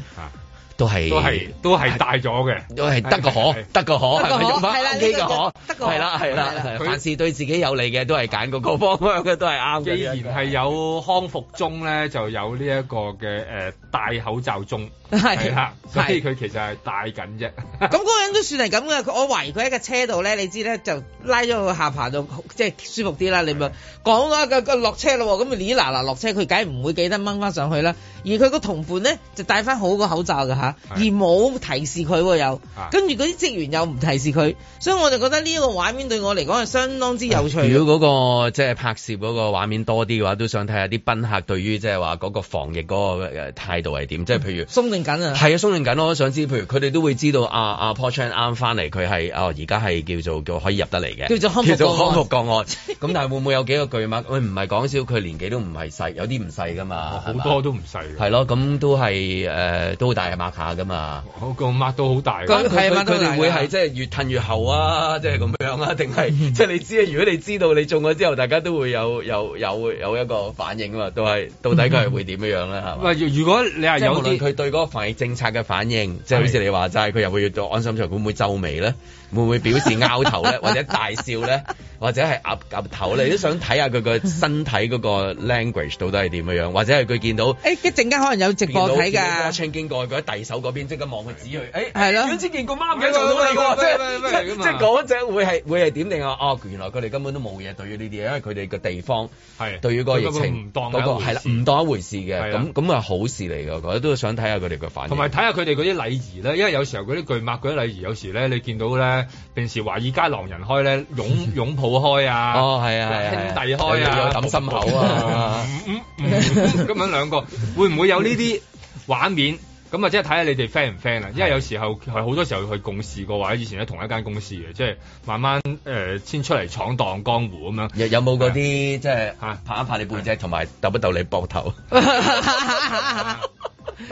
都係都係都係戴咗嘅，都係得個可，得個可，係啦呢個可，得個，係啦係啦，凡事對自己有利嘅都係揀嗰個方向，嘅都係啱嘅。既然係有康復中咧，就有呢一個嘅誒戴口罩中，係啦，所以佢其實係戴緊啫。咁嗰個人都算係咁嘅，我懷疑佢喺個車度咧，你知咧就拉咗佢下巴到，即係舒服啲啦。你咪講啦，個落車咯，咁你呢嗱嗱落車，佢梗係唔會記得掹翻上去啦。而佢個同伴咧就戴翻好個口罩嘅嚇，而冇提示佢又，有啊、跟住嗰啲職員又唔提示佢，所以我就覺得呢一個畫面對我嚟講係相當之有趣。如果嗰、那個即係、就是、拍攝嗰個畫面多啲嘅話，都想睇下啲賓客對於即係話嗰個防疫嗰個態度係點，即係譬如鬆定緊啊，係啊鬆定緊咯。我都想知，譬如佢哋都會知道啊，阿 Paul Chan 啱翻嚟，佢係哦，而家係叫做叫做可以入得嚟嘅，叫做康復個案。咁 但係會唔會有幾個巨擘？佢唔係講笑，佢年紀都唔係細，有啲唔細噶嘛，好多都唔細。係咯，咁都係誒、呃，都好大係抹下㗎嘛，個抹到好大。咁佢佢哋會係即係越褪越後啊，即係咁樣啊？定係即係你知啊？如果你知道你中咗之後，大家都會有有有有一個反應啊嘛？都係到底佢係會點樣樣咧？係 嘛？唔如果你係有啲佢對嗰個防疫政策嘅反應，即係好似你話齋，佢又會去要安心做，會唔會皺眉呢？會唔會表示拗頭咧， 或者大笑咧，或者係岌岌頭咧？都 想睇下佢個身體嗰個 language 到底係點樣樣，或者係佢見到誒一陣間可能有直播睇㗎。經過佢喺遞手嗰邊，即刻望佢指佢誒，係咯？點、欸、知、欸、見個貓唔做到呢個即即即嗰隻會係會係點定啊？哦，原來佢哋根本都冇嘢對於呢啲嘢，因為佢哋個地方係對於個疫情嗰個係啦，唔當一回事嘅。咁咁啊，咪好事嚟㗎。我都想睇下佢哋嘅反應，同埋睇下佢哋嗰啲禮儀咧。因為有時候嗰啲巨擘嗰啲禮儀，有時咧你見到咧。平時華爾街狼人開咧，擁擁抱開啊！ 哦，係啊，係啊，兄弟開啊，抌、啊啊啊、心口啊！咁、 嗯嗯嗯嗯嗯嗯、 樣兩個會唔會有呢啲畫面？咁啊，即係睇下你哋 friend 唔 friend 啊？因為有時候係好多時候去共事過，或者以前喺同一間公司嘅，即、就、係、是、慢慢誒，先、呃、出嚟闖蕩江湖咁樣。有冇嗰啲即係吓拍一拍你背脊、啊，同埋逗一逗你膊頭 有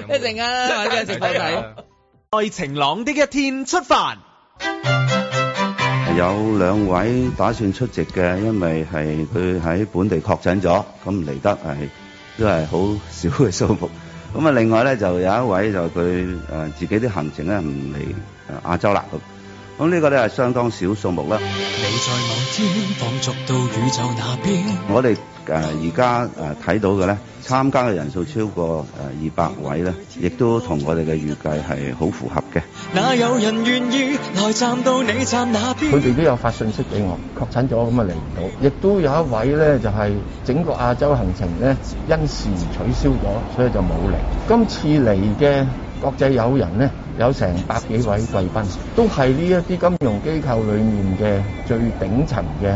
有？一陣啊！今日直播睇《 在晴朗的一天》出發。有兩位打算出席嘅，因為係佢喺本地確診咗，咁嚟得係都係好少嘅數目。咁啊，另外咧就有一位就佢誒、呃、自己啲行程咧唔嚟亞洲啦。咁咁呢個咧係相當少數目啦。你在某天放逐到宇宙那邊。我哋，誒，而家誒睇到嘅咧，參加嘅人數超過誒二百位咧，亦都同我哋嘅預計係好符合嘅。那有人願意來站到你站那邊？佢哋都有發信息俾我，確診咗咁啊，嚟唔到。亦都有一位咧，就係、是、整個亞洲行程咧，因事取消咗，所以就冇嚟。今次嚟嘅國際友人咧，有成百幾位貴賓，都係呢一啲金融機構裏面嘅最頂層嘅。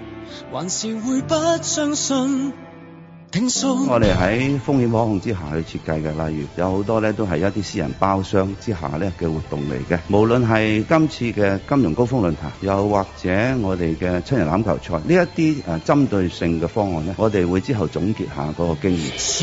還是會不相信？聽我哋喺風險可控之下去設計嘅，例如有好多咧都係一啲私人包廂之下咧嘅活動嚟嘅。無論係今次嘅金融高峰論壇，又或者我哋嘅七人欖球賽，呢一啲誒針對性嘅方案咧，我哋會之後總結一下嗰個經驗。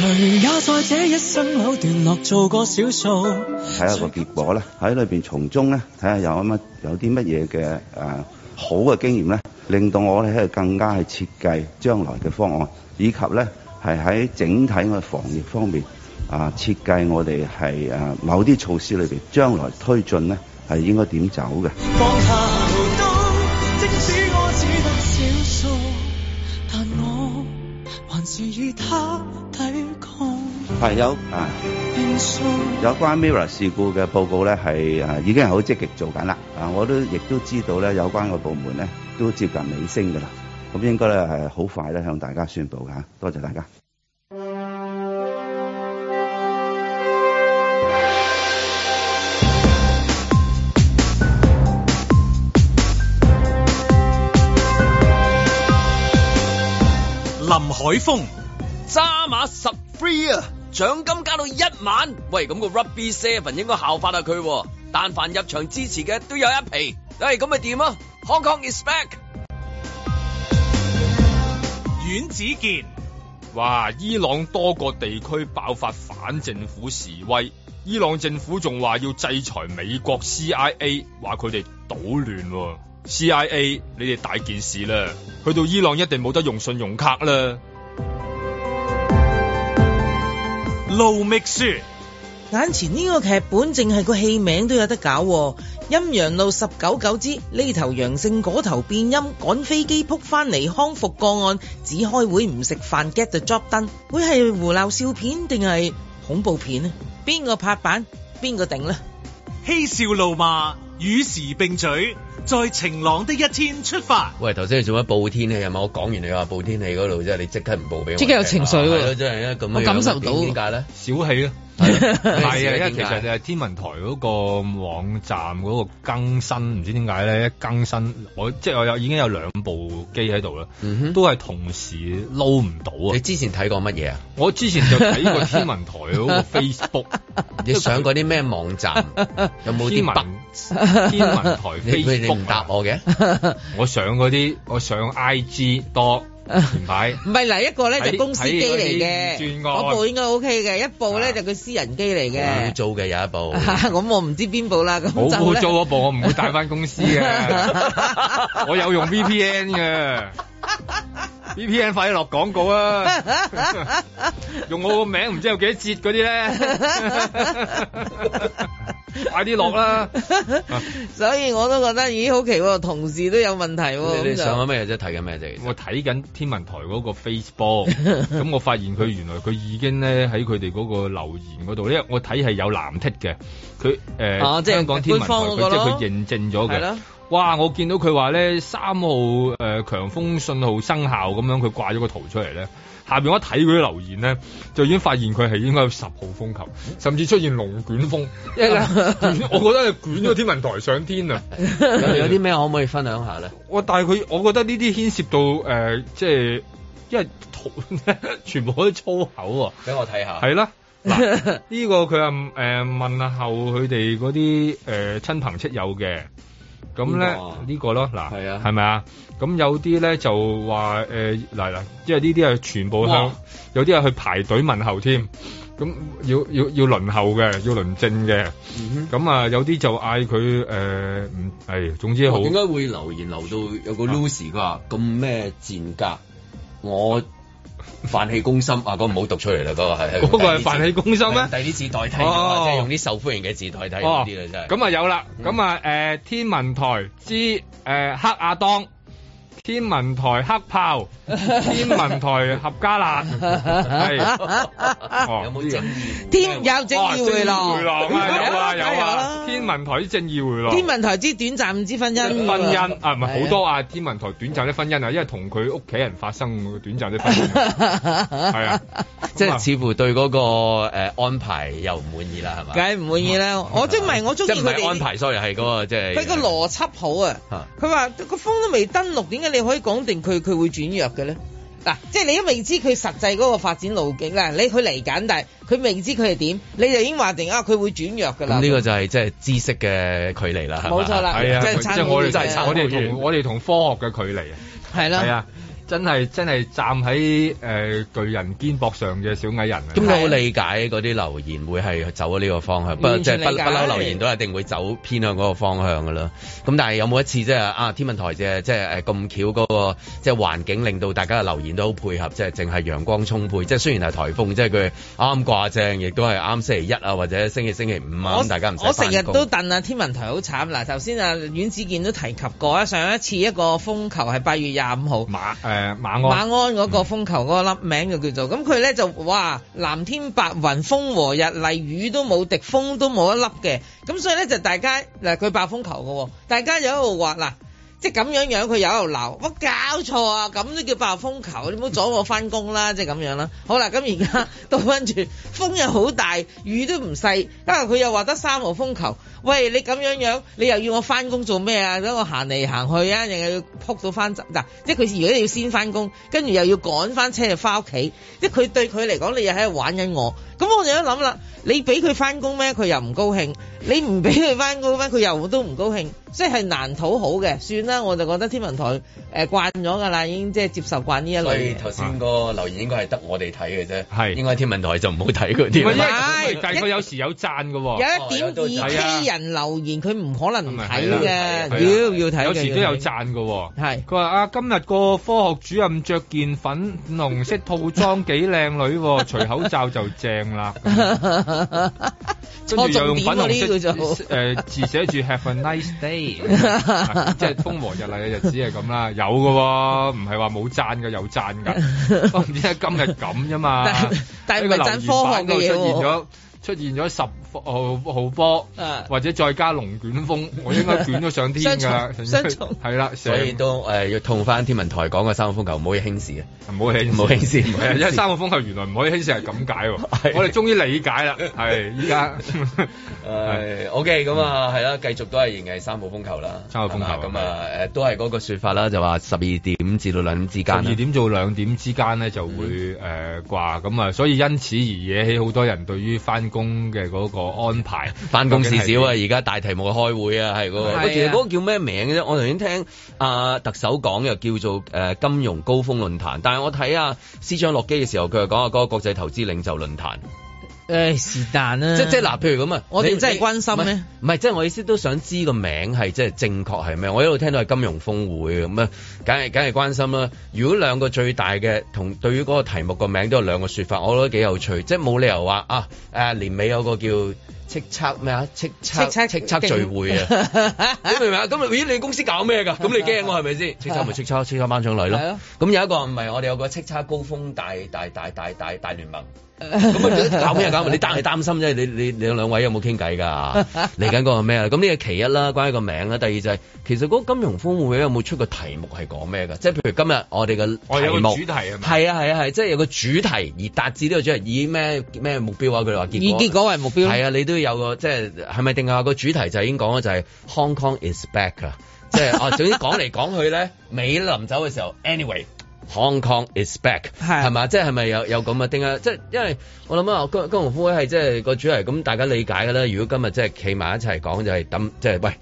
睇下個結果啦，喺裏邊從中咧，睇下有乜有啲乜嘢嘅誒。呃好嘅經驗咧，令到我哋喺度更加係設計將來嘅方案，以及咧係喺整體嘅防疫方面啊，設計我哋係誒某啲措施裏邊將來推進咧，係應該點走嘅。朋友啊，有關 mirror 事故嘅報告咧係誒已經係好積極做緊啦。啊，我都亦都知道咧，有關嘅部門咧都接近尾聲噶啦。咁應該咧係好快咧向大家宣布㗎。多謝大家。林海峰揸馬十 free 啊！獎金加到一萬，喂，咁個 Rugby Seven 應該效法下佢、哦，但凡入場支持嘅都有一皮，誒、哎，咁咪掂咯。Hong Kong is back。阮子健，哇，伊朗多個地區爆發反政府示威，伊朗政府仲話要制裁美國 CIA，話佢哋搗亂。CIA，你哋大件事啦，去到伊朗一定冇得用信用卡啦。路秘書，眼前呢個劇本淨係個戲名都有得搞，啊，陰陽路十九九支呢頭陽性嗰頭變陰，趕飛機撲翻嚟，康復個案，只開會唔食飯 get the job done，會係胡鬧笑片定係恐怖片咧？邊個拍板邊個頂咧？嬉笑怒罵。與時並舉，在晴朗的一天出發。喂，頭先你做乜報天氣係嘛？我講完你話報天氣嗰度即係你即刻唔報俾我。即刻有情緒喎、啊，真係咧，咁感受到點解咧？小氣啊！係 啊，因為其實係天文台嗰個網站嗰個更新，唔知點解咧，一更新我即係我有已經有兩部機喺度啦，都係同時撈唔到啊！你之前睇過乜嘢啊？我之前就睇過天文台嗰個 Facebook， 你上嗰啲咩網站？ 有冇啲百天文台 Facebook？你唔答我嘅？ 我上嗰啲，我上 IG 多。唔係，唔係嗱，一個咧就是，公司機嚟嘅，嗰部應該 O K 嘅，一部咧，啊、就個、是、私人機嚟嘅，污糟嘅有一部。咁 我唔知邊部啦。咁好污糟嗰部我唔會帶翻公司嘅， 我有用 V P N 嘅。 B P N 快落廣告啊！ 用我個名唔知有幾多折嗰啲咧， 快啲落啦！ 所以我都覺得咦，好奇同事都有問題、啊。你上緊咩啫？睇緊咩啫？看看我睇緊天文台嗰個 Facebook，咁 我發現佢原來佢已經咧喺佢哋嗰個留言嗰度，因我睇係有藍剔嘅，佢誒、呃啊、香港天文台，即係佢認證咗嘅。哇！我見到佢話咧，三號誒、呃、強風信號生效咁樣，佢掛咗個圖出嚟咧。下邊我一睇佢啲留言咧，就已經發現佢係應該有十號風球，甚至出現龍捲風。 我覺得係捲咗天文台上天啊！ 有啲咩我可唔可以分享下咧？我但佢，我覺得呢啲牽涉到誒、呃，即係因為圖 全部都粗口，俾我睇下。係啦，呢 個佢啊誒問候佢哋嗰啲誒親朋戚友嘅。咁咧呢個咯，嗱係啊，係咪啊？咁有啲咧就話誒嗱啦即係呢啲係全部向有啲係去排隊問候添，咁要要要輪候嘅，要輪證嘅。咁、嗯、啊有啲就嗌佢誒，唔、呃、係、哎、總之好。點、哦、解會留言留到有個 Lucy 佢話咁咩賤格？我。泛起攻心啊！嗰、那個唔好讀出嚟啦，嗰、那個係嗰、那個係泛起攻心咩？第啲字代替、哦，即係用啲受歡迎嘅字代替呢啲啦，真係咁啊有啦，咁啊誒，天文台之誒、呃，黑亞當。天文台黑炮，天文台合家難，係、 哦、有冇正義天有正義回浪、啊，有啊有啊，有啊！天文台正義迴浪，天文台之短暫之婚姻，婚姻啊唔係好多啊！天文台短暫啲婚姻啊，因為同佢屋企人發生短暫啲婚姻，係啊， 啊嗯、即係似乎對嗰個誒安排又唔滿意啦，係咪？梗係唔滿意啦、嗯！我即係我中意佢哋安排，所以係嗰、嗰個即係佢個邏輯好啊！佢、啊、話個風都未登陸，點解你？你可以講定佢，佢會轉弱嘅咧，嗱，啊，即係你都未知佢實際嗰個發展路徑啦，你佢嚟緊，但係佢未知佢係點，你就已經話定啊，佢會轉弱噶啦。咁呢個就係即係知識嘅距離啦，冇錯啦，即係差啲，即係我哋係我哋同我哋同科學嘅距離係啦，係啊。真係真係站喺誒、呃、巨人肩膊上嘅小矮人啊！咁我好理解嗰啲留言會係走咗呢個方向，不即係不不嬲留言都一定會走偏向嗰個方向㗎啦。咁、嗯、但係有冇一次即係、就是、啊天文台即係即係咁巧嗰、那個即係、就是、環境令到大家嘅留言都好配合，即係淨係陽光充沛，即、就、係、是、雖然係颱風，即係佢啱啱掛正，亦都係啱星期一啊或者星期星期五啊，咁大家唔我成日都等啊天文台好慘嗱，頭先啊阮子健都提及過啊，上一次一個風球係八月廿五號，馬鞍嗰個風球嗰個粒名就叫做，咁佢咧，就哇藍天白雲，風和日麗，雨都冇滴風都冇一粒嘅。咁所以咧就大家嗱，佢爆風球嘅喎，大家有一度話嗱。啦即咁樣樣佢又喺度鬧，我、啊、搞錯啊！咁都叫八號風球，你唔好阻我翻工啦！即咁樣啦。好啦，咁而家到返住風又好大，雨都唔細，因為佢又話得三號風球。喂，你咁樣樣，你又要我翻工做咩啊？等我行嚟行去啊，又要撲到翻嗱，即係佢如果你要先翻工，跟住又要趕翻車嚟翻屋企，即係佢對佢嚟講，你又喺度玩緊我。咁我就喺度諗啦，你俾佢翻工咩？佢又唔高興。你唔俾佢翻工咩？佢又都唔高興。即係難討好嘅，算。我就覺得天文台誒慣咗㗎啦，已經即係接受慣呢一類嘢。頭先個留言應該係得我哋睇嘅啫，係、啊、應該天文台就唔好睇佢啲。但係佢有時有讚嘅，有一點二 K 人留言，佢、啊、唔可能唔睇嘅。屌、啊、要睇、啊啊啊啊，有時都有讚嘅。係佢話啊，今日個科學主任着件粉紅色套裝幾靚女，除 口罩就正啦。跟 住又用粉紅色誒字寫住 Have a nice day， 即係和日麗嘅日子係咁啦，有嘅，唔係話冇讚嘅，有讚噶，點解今日咁啫嘛。但係留、啊、言坊出現咗。出現咗十號號波，或者再加龍捲風、啊，我應該捲咗上天㗎。相 重，係啦， 所以都、呃、要同翻天文台講嘅三號風球，唔可以輕視嘅。唔好輕，唔好輕視，因為三號風球原來唔可以輕視，係咁解。我哋終於理解啦，係依家。呃、 OK，咁啊，係、嗯、啦，繼續都係仍係三號風球啦。三號風球，咁啊，都係嗰個説法啦，就話十二點至到兩點之間，十二點到兩點之間咧就會誒掛，咁、嗯、啊、呃，所以因此而惹起好多人對於翻工嘅嗰個安排，翻 工事少啊！而家大題目開會啊，係嗰個。其實嗰個叫咩名嘅啫？我頭先聽阿、呃、特首講，又叫做誒、呃、金融高峰論壇。但係我睇阿、啊、司長落機嘅時候，佢又講啊嗰個國際投資領袖論壇。誒是但啦，即即嗱，譬如咁啊，我哋真係關心咩？唔係，即係我意思都想知個名係即係正確係咩？我一路聽到係金融峰會咁啊，梗係梗係關心啦。如果兩個最大嘅同對於嗰個題目個名都有兩個說法，我覺得幾有趣。即冇理由話啊誒年尾有個叫。叱咤咩啊？叱咤叱咤聚會啊！咁 明唔明啊？咁咦你公司搞咩噶？咁 你驚我係咪先？叱咤咪叱咤叱咤班長女咯。咁、啊、有一個唔係我哋有個叱咤高峰大大大大，大大大大大大聯盟。咁 啊搞咩搞？你擔係擔心啫。你你你兩位有冇傾偈㗎？嚟緊嗰個咩啊？咁呢個其一啦，關於個名啦、啊。第二就係、是、其實嗰金融峰會有冇出個題目係講咩㗎？即係譬如今日我哋嘅題目係啊。係啊係啊係即係有個主題而達至呢個主題，以咩咩目標啊？佢話以結果為目標。係啊，你都、啊。都有個即係係咪定下個主題就已經講咗就係、是、Hong Kong is back 啊！ 即係啊，總之講嚟講去咧， 美臨走嘅時候，anyway，Hong Kong is back 係咪？嘛？即係係咪有有咁啊？定係即係因為我諗啊，公公共風氣係即係個主題咁，大家理解㗎啦。如果今日即係企埋一齊講就係、是、等即係喂。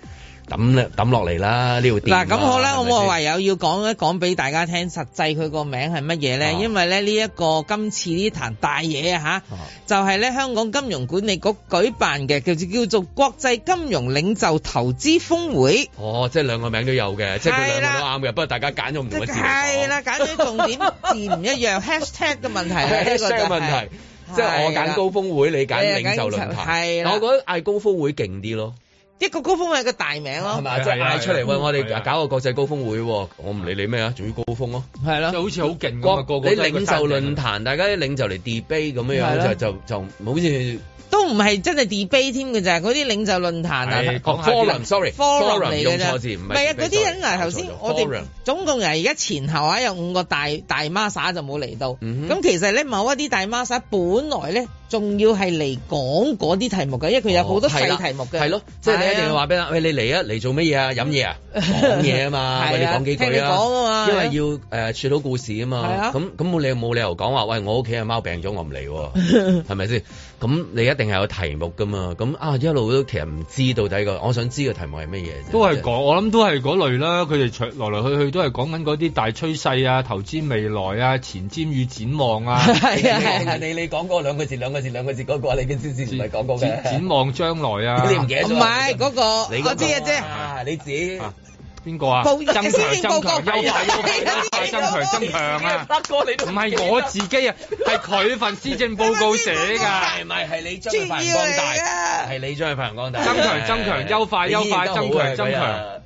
抌抌落嚟啦！呢度跌。嗱咁、啊、好啦，咁我唯有要講一講俾大家聽，實際佢個名係乜嘢咧？因為咧呢一、個今次呢壇大嘢啊吓、啊，就係、係、咧香港金融管理局舉辦嘅，叫做叫做國際金融領袖投資峰會。哦，即係兩個名都有嘅，即係佢兩個都啱嘅。不過大家揀咗唔同嘅。係啦，揀咗重點 字唔一樣，hashtag 嘅問題。嘅問題，即係我揀高峰會，你揀領袖論壇。係。我覺得嗌高峰會勁啲咯。一個高峰係一個大名咯、哦，係咪即係嗌出嚟，喂，我哋搞個國際高峰會、哦啊啊，我唔理你咩啊，仲要高峰咯、哦，係咯、啊，就好似好勁咁啊！個個領袖論壇，大家啲領袖嚟 debate 咁樣樣、啊、就就就唔好似。都唔係真係 debate 添嘅咋，嗰啲領袖論壇啊，forum sorry forum 嚟嘅咋，唔係啊，嗰啲人啊，頭先我哋總共啊而家前後啊有五個大大 m a 就冇嚟到，咁、嗯嗯、其實咧某一啲大 m a 本來咧仲要係嚟講嗰啲題目嘅，因為佢有好多細題目嘅，係、哦、咯，即係你一定要話俾佢，喂你嚟啊嚟做乜嘢啊飲嘢啊講嘢啊嘛，我哋講幾句啊你嘛。因為要誒串、呃、到故事啊嘛，咁咁冇你冇理由講話，喂我屋企阿貓病咗，我唔嚟，係咪先？咁你一定係有題目噶嘛？咁啊一路都其實唔知到底個，我想知個題目係乜嘢？都係講，我諗都係嗰類啦。佢哋來來去去都係講緊嗰啲大趨勢啊、投資未來啊、前瞻與展望啊。係啊係啊，你你講過兩個字兩個字兩個字嗰、嗰個，你嘅先唔係講過嘅。展望將來啊？ 你唔記得咗？唔係嗰個，知啊。啫。啊，嗰個、你指、嗰個。邊個啊？增強增強，優化優化優化，增強增強啊！唔係我自己啊，係佢份施政報告寫㗎。唔係唔係，係你將佢發揚光大啊！係你將佢發揚光大。增強增強，優化優化，增強增強。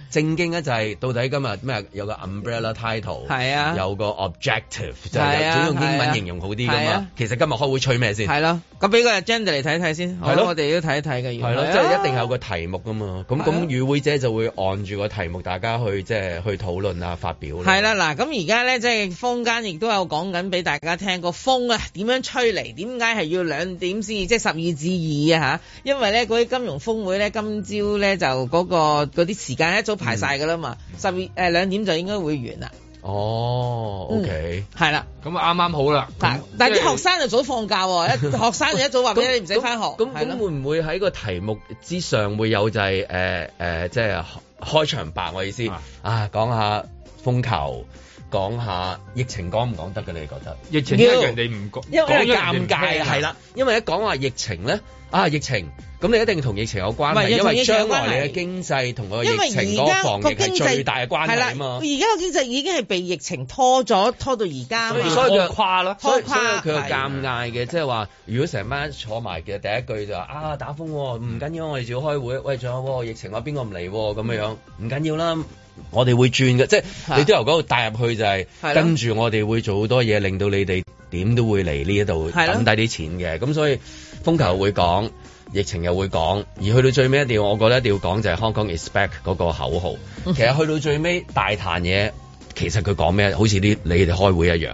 正經就係、是、到底今日咩有個 umbrella title，是、啊、有個 objective，就係想、啊、用英文形容好啲噶嘛、啊。其實今日開會吹咩先？係啦咁俾個 agenda 嚟睇睇先。係咯、啊，我哋都睇一睇嘅。係咯、啊啊啊，即係一定有個題目噶嘛。咁咁與會者就會按住個題目，大家去即係去討論啊，發表、啊。係啦、啊，嗱，咁而家咧即係坊間亦都有講緊俾大家聽個風啊，點樣吹嚟？點解係要兩點先，即係十二至二啊？吓，因為咧嗰啲金融峯會咧，今朝咧就嗰、那個嗰啲時間呢。早。排晒㗎啦嘛，十二誒兩點就應該會完啦。哦，OK，係啦，咁啊啱啱好啦。但係啲學生就早放假，哦，一 學生就一早話 你唔使返學。咁咁會唔會喺個題目之上會有就係誒誒，即、呃、係、呃就係、開場白我意思啊，啊，講下風球，講下疫情講唔講得嘅？你覺得疫情因為人哋唔講，因為尷尬係啦，因為一講話疫情咧啊，疫情。咁你一定同疫情有關係因，因為將來你嘅經濟同個疫情嗰個防疫係最大嘅關係啊嘛。而家個經濟已經係被疫情拖咗，拖到而家，所以佢跨咯，所以佢嘅尷尬嘅，即係話如果成班坐埋嘅第一句就話啊，打風唔緊要，我哋照開會。喂，仲有個疫情啊，邊個唔嚟咁樣樣？唔緊要啦，我哋會轉嘅，即係你都由嗰度帶入去就係、是、跟住我哋會做好多嘢，令到你哋點都會嚟呢一度揾低啲錢嘅。咁所以風球會講。疫情又會講，而去到最尾一定要，我覺得一定要講就係 Hong Kong expect 嗰個口號。其實去到最尾大談嘢，其實佢講咩？好似啲你哋開會一樣。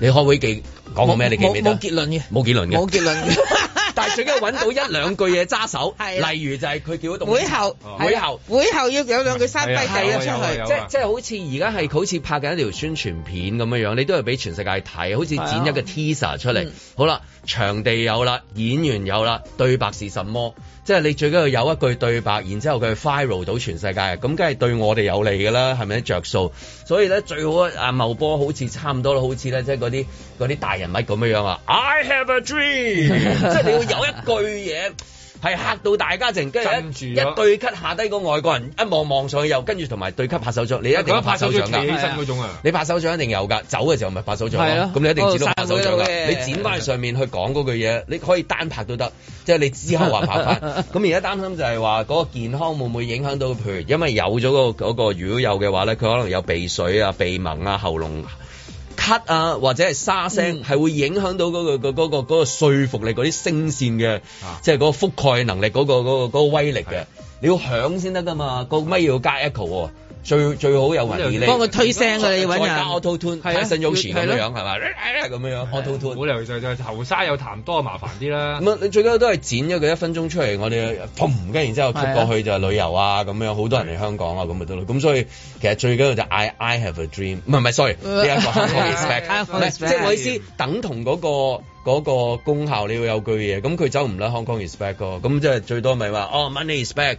你開會記講過咩？你記唔記得？冇結論嘅，冇結論嘅，冇結論嘅。 但係最緊要揾到一兩句嘢揸手、 啊，例如就係佢叫到會後會、啊、後會、啊、後要有兩句三不一出去。啊啊啊啊、即即係好似而家係好似拍緊一條宣傳片咁樣你都係俾全世界睇，好似剪一個 teaser 出嚟、啊嗯。好啦。場地有啦，演員有啦，對白是什麼？即係你最緊要有一句對白，然之後佢 viral 到全世界嘅，咁梗係對我哋有利嘅啦，係咪？着數，所以咧最好啊。茂波好似差唔多啦，好似咧即係嗰啲嗰啲大人物咁樣樣啊 ，I have a dream， 即係你要有一句嘢。係嚇到大家成，成跟住一對咳下低個外國人，一望望上去又跟住同埋對咳拍手掌，你一定要拍手掌㗎，企起身嗰種啊！你拍手掌一定有㗎、啊，走嘅時候咪拍手掌。係啊，咁你一定知道拍手掌、啊、你剪翻上面去講嗰句嘢，你可以單拍都得，即、就、係、是、你之後話拍翻。咁而家擔心就係話嗰個健康會唔會影響到佢？因為有咗、嗰個、嗰個，如果有嘅話咧，佢可能有鼻水啊、鼻濛啊、喉嚨。Cut 啊，或者係沙聲係會影響到嗰、嗰個、嗰、嗯嗰個、嗰、嗰個嗰個嗰個說服力、嗰啲聲線嘅，即係嗰個覆蓋能力、嗰、嗰個、嗰、嗰個、嗰、嗰個威力嘅。你要響先得噶嘛？嗰個咪要加 echo、哦。最最好有雲耳幫佢推聲㗎、啊，你要揾人。我 auto tune 睇成咗詞咁樣係嘛？咁樣樣，auto tune 冇理由就就後沙又談多，麻煩啲啦。咁係你最緊要都係剪咗佢一分鐘出嚟，我哋嘭，跟然之後 cut 過去就旅遊啊咁樣，好多人嚟香港啊咁咪得咯。咁、啊、所以其實最緊要就 I I have a dream，唔係唔係，sorry，Hong Kong is back，即係我意思 等同嗰、那個那個功效，你要有句嘢，咁佢走唔甩 Hong Kong is back 咁即係最多咪話哦，money is back。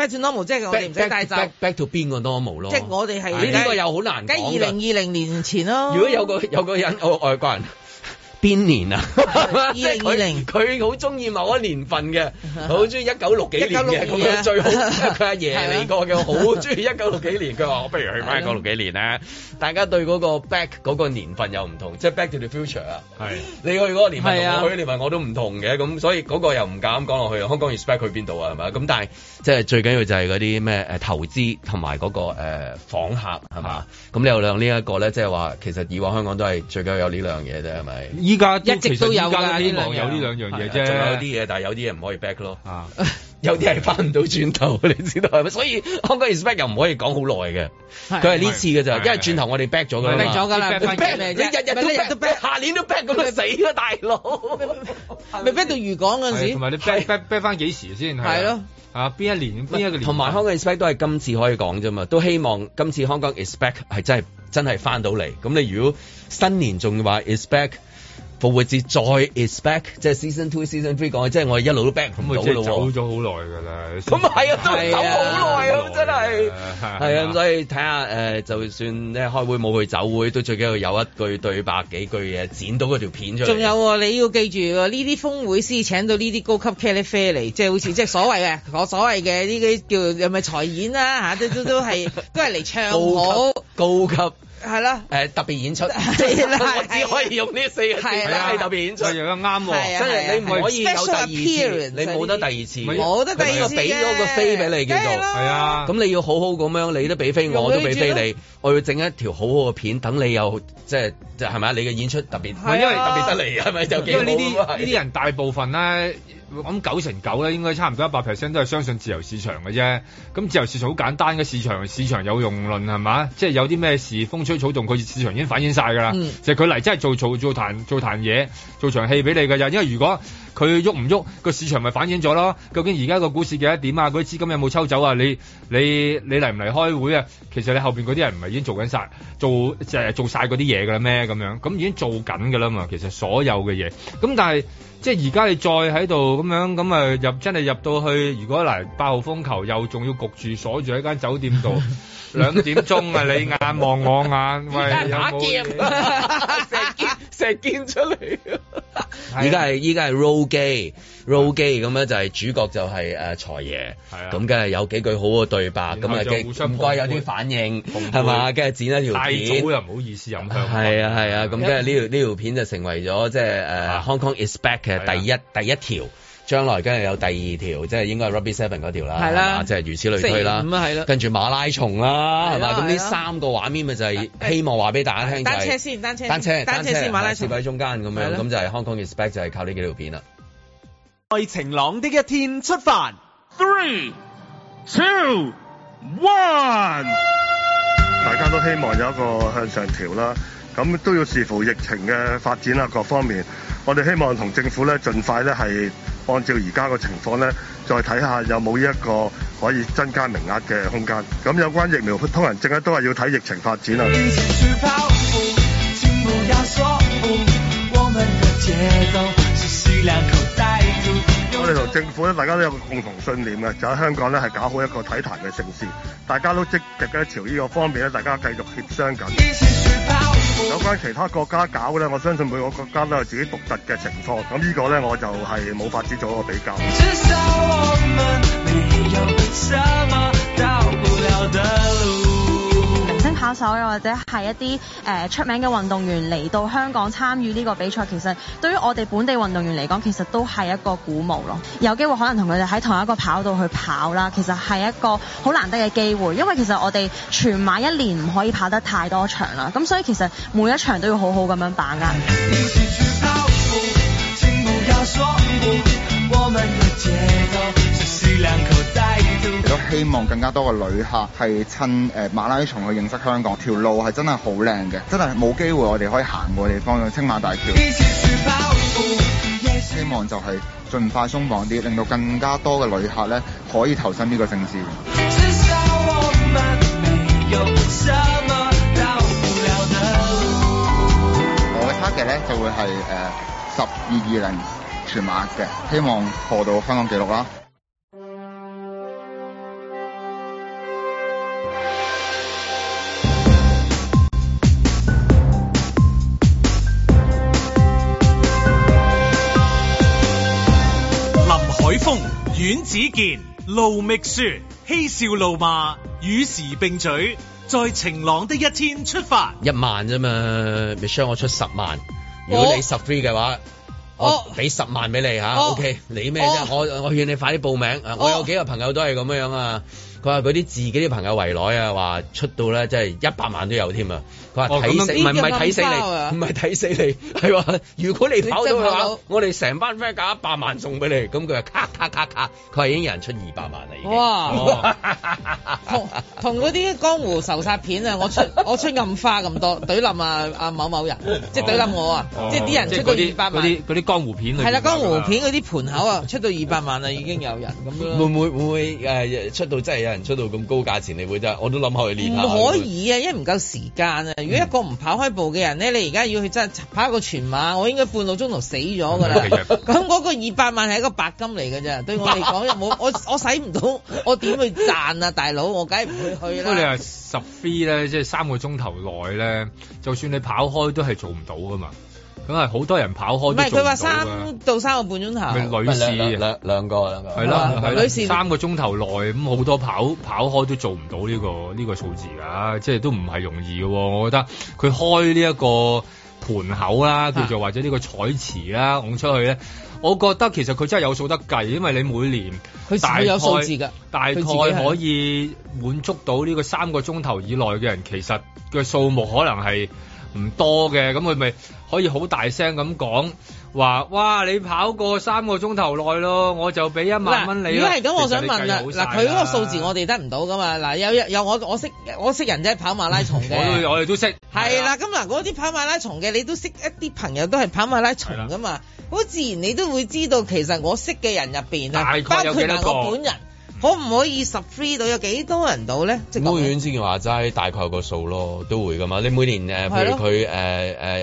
back to 邊個 normal 咯？即係我哋係呢個又好難講。二零二零年前咯。如果有個有個人外、哦、外國人。邊年啊？二零二零，佢好中意某一年份嘅，好中意一九六幾年嘅，咁、 啊、最好，佢阿爺嚟過嘅，好中意一九六幾年。佢話：我不如去翻一九六幾年咧。大家對嗰個 back 嗰個年份又唔同，即係 back to the future 啊。係你去嗰個年份，我去年份我都唔同嘅，咁所以嗰個又唔敢講落去。香港 respect 去邊度啊？係嘛？咁但係即係最緊要就係嗰啲咩誒投資同埋嗰個誒、呃、訪客係嘛？咁 你又呢個呢兩呢一個咧，即係話其實以往香港都係最緊要有呢兩樣嘢啫係咪？是依家一直都有噶，希望有呢兩樣嘢啫。仲有啲嘢，但係有啲嘢唔可以 back 咯。啊、 有啲係翻唔到轉頭，你知道係咪？所以 香港 expect 又唔可以講好耐嘅。佢係呢次嘅咋，因為轉頭我哋 back 咗㗎啦。back 咗㗎啦，日日都 back 下年都 back，咁咪死咯、啊，大佬！咪 不是 back 到漁港嗰陣時，同埋你 back back 翻幾時先？係咯，啊，邊一年？邊一年？同埋香港 expect 都係今次可以講啫嘛。都希望今次香港 expect 係真係真係翻到嚟。咁你如果新年仲話 expect？.復活節再 is back，即係 season two、season three 講嘅，即、就、係、是、我一路都 back 咁佢走咗好耐噶啦。咁係啊，啊，都走好耐啊，真係。係啊，咁、啊啊啊啊、所以睇下、呃、就算咧開會冇去酒會，都最緊要有一句對白幾句嘢剪到嗰條片出嚟。仲有、哦、你要記住喎、哦，呢啲峰會先請到呢啲高級 Kelly Fee 嚟，即、就、係、是、好似即係所謂嘅 我所謂嘅呢啲叫係咪財演啦、啊、吓，都都都係都係嚟唱好高級。高級係咯，誒特別演出， 我只可以用呢四個字喺特別演出，用得啱喎，真係你唔可以有第二次，你冇得第二次，冇得第二次嘅，佢就俾咗個飛俾你叫做，係啊，咁你要好好咁樣，你都俾飛，我都俾飛你。我要整一條好好嘅片，等你又即係係咪你嘅演出特別，係、啊、因為特別得嚟，係咪就因為呢啲呢啲人大部分咧，我諗九成九咧應該差唔多一百 percent 都係相信自由市場嘅啫。咁自由市場好簡單嘅市場，市場有用論係嘛？即係有啲咩事風吹草動，佢市場已經反映晒㗎啦。就係佢嚟真係做做做彈做彈嘢做場戲俾你㗎啫。因為如果佢喐唔喐，個市場咪反映咗咯？究竟而家個股市幾多點啊？嗰啲資金有冇抽走啊？你你你嚟唔嚟開會啊？其實你後邊嗰啲人唔係已經做緊晒，做就做晒嗰啲嘢㗎啦咩？咁樣咁已經做緊㗎啦嘛。其實所有嘅嘢，咁但係即係而家你再喺度咁樣咁啊入真係入到去，如果嚟八號風球又仲要焗住鎖住喺間酒店度 兩點鐘啊！你眼望我眼，喂，打劫。 即係見出嚟，而家係依家係 low 機，low gay 咁咧、啊、就係主角就係誒財爺，咁梗係有幾句好嘅對白，咁啊唔怪有啲反應，係嘛？梗係剪一條片，大早又唔好意思係啊係啊，咁梗係呢條呢、啊、片就成為咗即係誒 Hong Kong is back 嘅第一、啊、第一條。將來梗係有第二條，即係應該係 Ruby Seven 嗰條啦，即係、啊就是、如此類推啦。咁啊，係啦。跟住馬拉松啦，係嘛、啊？咁呢、啊、三個畫面咪就係希望話俾大家聽、就是。單車先，單車，單車，單車先，馬拉松喺中間咁樣，咁、啊、就係 Hong Kong Respect 就係靠呢幾條片啦。在晴朗的一天出發，three，two，one。大家都希望有一個向上調啦，咁都要視乎疫情嘅發展啦，各方面。我哋希望同政府咧，盡快咧係。按照而家嘅情況咧，再睇下有冇呢一個可以增加名額嘅空間。咁有關疫苗通行證咧，都係要睇疫情發展啊。我哋同政府咧，大家都有個共同信念嘅，就喺、是、香港咧係搞好一個體壇嘅城市，大家都積極嘅朝呢個方面咧，大家繼續協商緊。有關其他國家搞嘅咧，我相信每個國家都有自己獨特嘅情況，咁呢個咧我就係冇法子做一個比較。跑手又或者係一啲誒、呃、出名嘅運動員嚟到香港參與呢個比賽，其實對於我哋本地運動員嚟講其實都係一個鼓舞咯。有機會可能同佢哋喺同一個跑道去跑啦，其實係一個好難得嘅機會，因為其實我哋全馬一年唔可以跑得太多場啦，咁所以其實每一場都要好好咁樣把握。 亦都希望更加多嘅旅客係趁誒馬拉松去認識香港，條路係真係好靚嘅，真係冇機會我哋可以行過嘅地方，青馬大橋。是是希望就係盡快鬆綁啲，令到更加多嘅旅客咧可以投身呢個盛事。我嘅 target 咧就會係誒十二二零全馬嘅，希望破到香港紀錄啦。海風阮子健、盧覓雪嬉笑怒罵與時並舉，在晴朗的一天出發。一萬啫嘛，Michelle 我出十萬，如果你十 three 嘅話，我俾十萬俾你吓、哦，OK？你咩啫、哦？我我勸你快啲報名啊、哦！我有幾個朋友都係咁樣啊，佢話嗰啲自己啲朋友圍內啊，話出到咧，即係一百萬都有添啊！佢話睇死唔係唔係睇死你，唔係睇死你，係 話如果你跑咗嘅話，我哋成班 friend 搞一百萬送俾你。咁佢話咔咔咔咔，佢話已經有人出二百萬啦，已經。哇，哦、 同嗰啲江湖仇殺片啊，我出我出暗花咁多，懟冧啊阿某某人， 即係懟冧我啊 碎 碎， 即係啲人出到二百萬，嗰啲嗰啲江湖片係啦，江湖片嗰啲盤口啊，出到二百萬啦，已經有人咁咯。會唔會會唔會誒出到真係有人出到咁高價錢？你會唔會？我都諗下去練下。唔可以啊，因為唔夠時間啊。如果一個唔跑開步嘅人咧，你而家要去真係跑一個全馬，我應該半個鐘頭死咗噶啦。咁 嗰個二百萬係一個白金嚟㗎啫，對我嚟講又冇我我使唔到，我點去賺啊大佬，我梗係唔會去啦。不過你話十飛咧，即係三個鐘頭內咧，就算你跑開都係做唔到㗎嘛。咁係好多人跑開，唔係佢話三到三個半鐘頭。女士兩兩個兩個係啦、啊，女士三個鐘頭內咁好多跑跑開都做唔到呢個呢個數字㗎，即係都唔係容易嘅。我覺得佢開呢一個盤口啦，叫做或者呢個彩池啦，拱出去咧，我覺得其實佢真係有數得計，因為你每年佢有數字㗎。大概可以滿足到呢個三個鐘頭以內嘅人，其實嘅數目可能係。唔多嘅，咁佢咪可以好大聲咁講，話哇你跑過三個鐘頭內咯，我就俾一萬蚊你。如果係咁，我想問啦，嗱，佢、啊、嗰個數字我哋得唔到噶嘛？嗱、啊，有有我我識我識人即係，跑馬拉松嘅。我我哋都識。係啦、啊，咁嗱、啊，嗰啲跑馬拉松嘅，你都識一啲朋友都係跑馬拉松噶嘛？好、啊、自然你都會知道，其實我識嘅人入邊啊，包括嗱我本人。可唔可以十 three 到有幾多人到咧？醫院先至話齋，大概有個數咯，都會噶嘛。你每年誒，譬如佢誒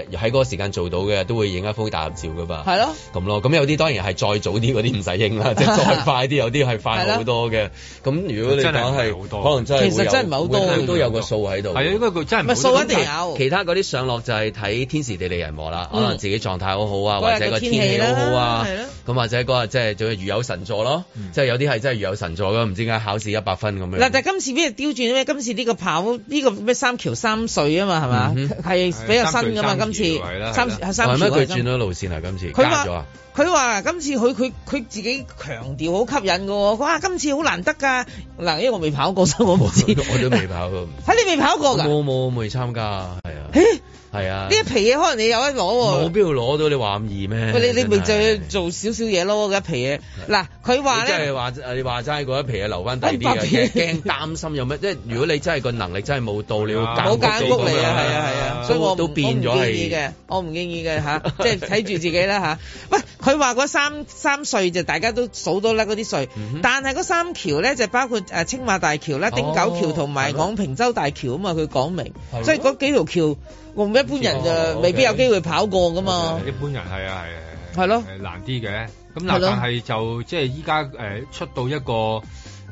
誒喺嗰個時間做到嘅，都會影一幅大合照噶吧。係咯，咁咯。咁有啲當然係再早啲嗰啲唔使應啦， 即係再快啲有啲係快好多嘅。咁如果你講係，可能真係其實真係唔係好多，都有個數喺度。係啊，應該佢真係唔係數一定有。其他嗰啲上落就係睇天時地利人和啦。嗯、可能自己狀態好好啊，嗯、或者個天氣好好啊，咁或者嗰日即係如有神助咯。即、嗯、係、就是、有啲係真係如有神助。嗯就是唔知點解考試一百分咁樣嗱，但係今次邊度調轉咧？咩？今次呢個跑呢、這個咩三橋三隧啊嘛，係嘛？係、mm -hmm. 比較新噶嘛，三三今次啦三係三橋。係咪佢轉咗路線啊？今次加咗啊？佢話：今次佢佢佢自己強調好吸引㗎喎、哦，佢話今次好難得㗎。嗱，因為我未跑過，所以我冇知道。我都未跑過。睇、啊、你未跑過㗎？冇冇未參加，係啊。係、欸、啊，呢一皮嘢可能你有得攞喎。冇必要攞到你話咁易咩？你你咪就要做少少嘢咯，一皮嘢。嗱，佢話咧，即係話你話齋嗰一皮嘢留翻大啲嘅，驚擔心有咩？即係如果你真係個能力真係冇到，你要戒。冇間谷啊！係啊係啊，啊，啊，所以我我唔建議嘅，我唔建議嘅即係睇住自己啦喂。啊啊佢話嗰三三稅，就大家都數到啦，嗰啲稅。但係嗰三橋咧就包括誒青、啊、馬大橋啦、哦、汀九橋同埋廣平洲大橋啊嘛，佢講明，即、哦、所以嗰幾條橋，我、嗯、唔一般人就未必有機會跑過噶嘛。哦、okay，一般人係啊係係係。係咯。難啲嘅，咁嗱，但係就即係依家出到一個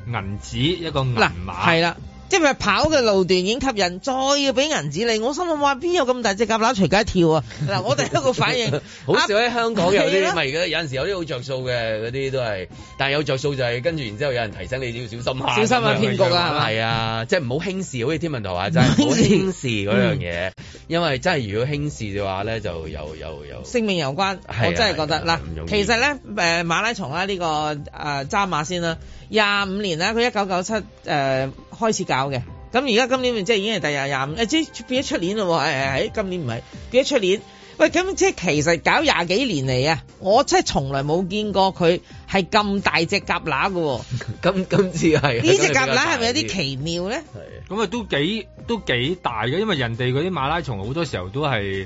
銀紙一個銀碼係啦。即係咪跑嘅路段已經吸引，再要俾銀紙你，我心諗話邊有咁大隻蛤乸隨街跳啊！嗱， 我第一個反應， 好少喺、啊、香港有啲咪而家有陣時候有啲好着數嘅嗰啲都係，但係有着數就係、是、跟住然之後有人提醒你要小心下，小心下、啊、騙局啊，係啊，即係唔好輕視好似天文台話齋， 就是輕視嗰樣嘢， 因為真係如果輕視嘅話咧，就有又又性命有關。的我真係覺得嗱，啦其實咧誒馬拉松啦、啊、呢、這個誒渣、呃、馬先啦、啊，廿五年咧佢一九九七誒。開始搞嘅，咁而家今年咪即係已經係第廿廿五，誒即變咗出年咯喎，係、哎、今年唔係變咗出年。喂，咁即係其實搞廿幾年嚟啊，我真係從來冇見過佢係咁大隻鴿乸㗎喎。咁 今次係呢隻鴿乸係咪有啲奇妙咧？係，咁啊都幾都幾大嘅，因為人哋嗰啲馬拉松好多時候都係。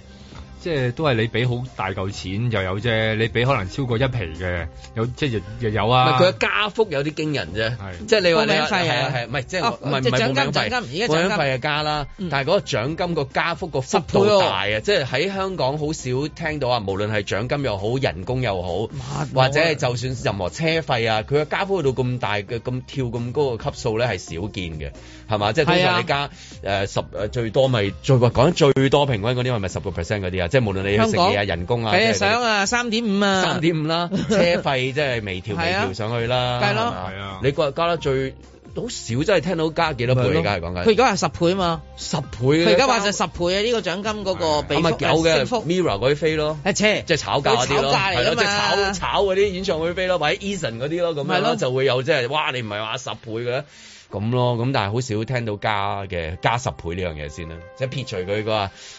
即係都係你俾好大嚿錢又有啫，你俾可能超過一皮嘅，有即係亦有啊。佢嘅加幅有啲驚人啫，即係你話、啊、你係係係唔係即係唔係唔係獎金獎金而家獎金費就加啦，但係嗰個獎金個加幅個幅度大、嗯、啊！即係喺香港好少聽到啊，無論係獎金又好，人工又好、啊，或者係就算任何車費啊，佢嘅加幅到咁大嘅咁跳咁高嘅級數咧係少見嘅，係嘛？即係通常你加誒、啊呃、十最多咪最講最多平均嗰啲係咪十個 percent 嗰啲啊？即係無論你去食嘢啊、人工啊，係啊想啊，三點五啊，三點五啦，車費即係微調微調上去啦。係咯，係啊，你個加得最好少，真係聽到加幾多倍？而家係講緊。佢而家係十倍啊嘛，十倍。佢而家話就十倍啊！呢個獎金嗰個倍數升幅，Mirror 嗰啲飛咯，車，即係炒價嗰啲咯，即係炒炒嗰啲演唱會飛咯，或者 Eason 嗰啲咯，咁樣就會有即係哇！你唔係話十倍嘅？咁咯，咁但係好少聽到加嘅加十倍呢樣嘢先啦，即係撇除佢個個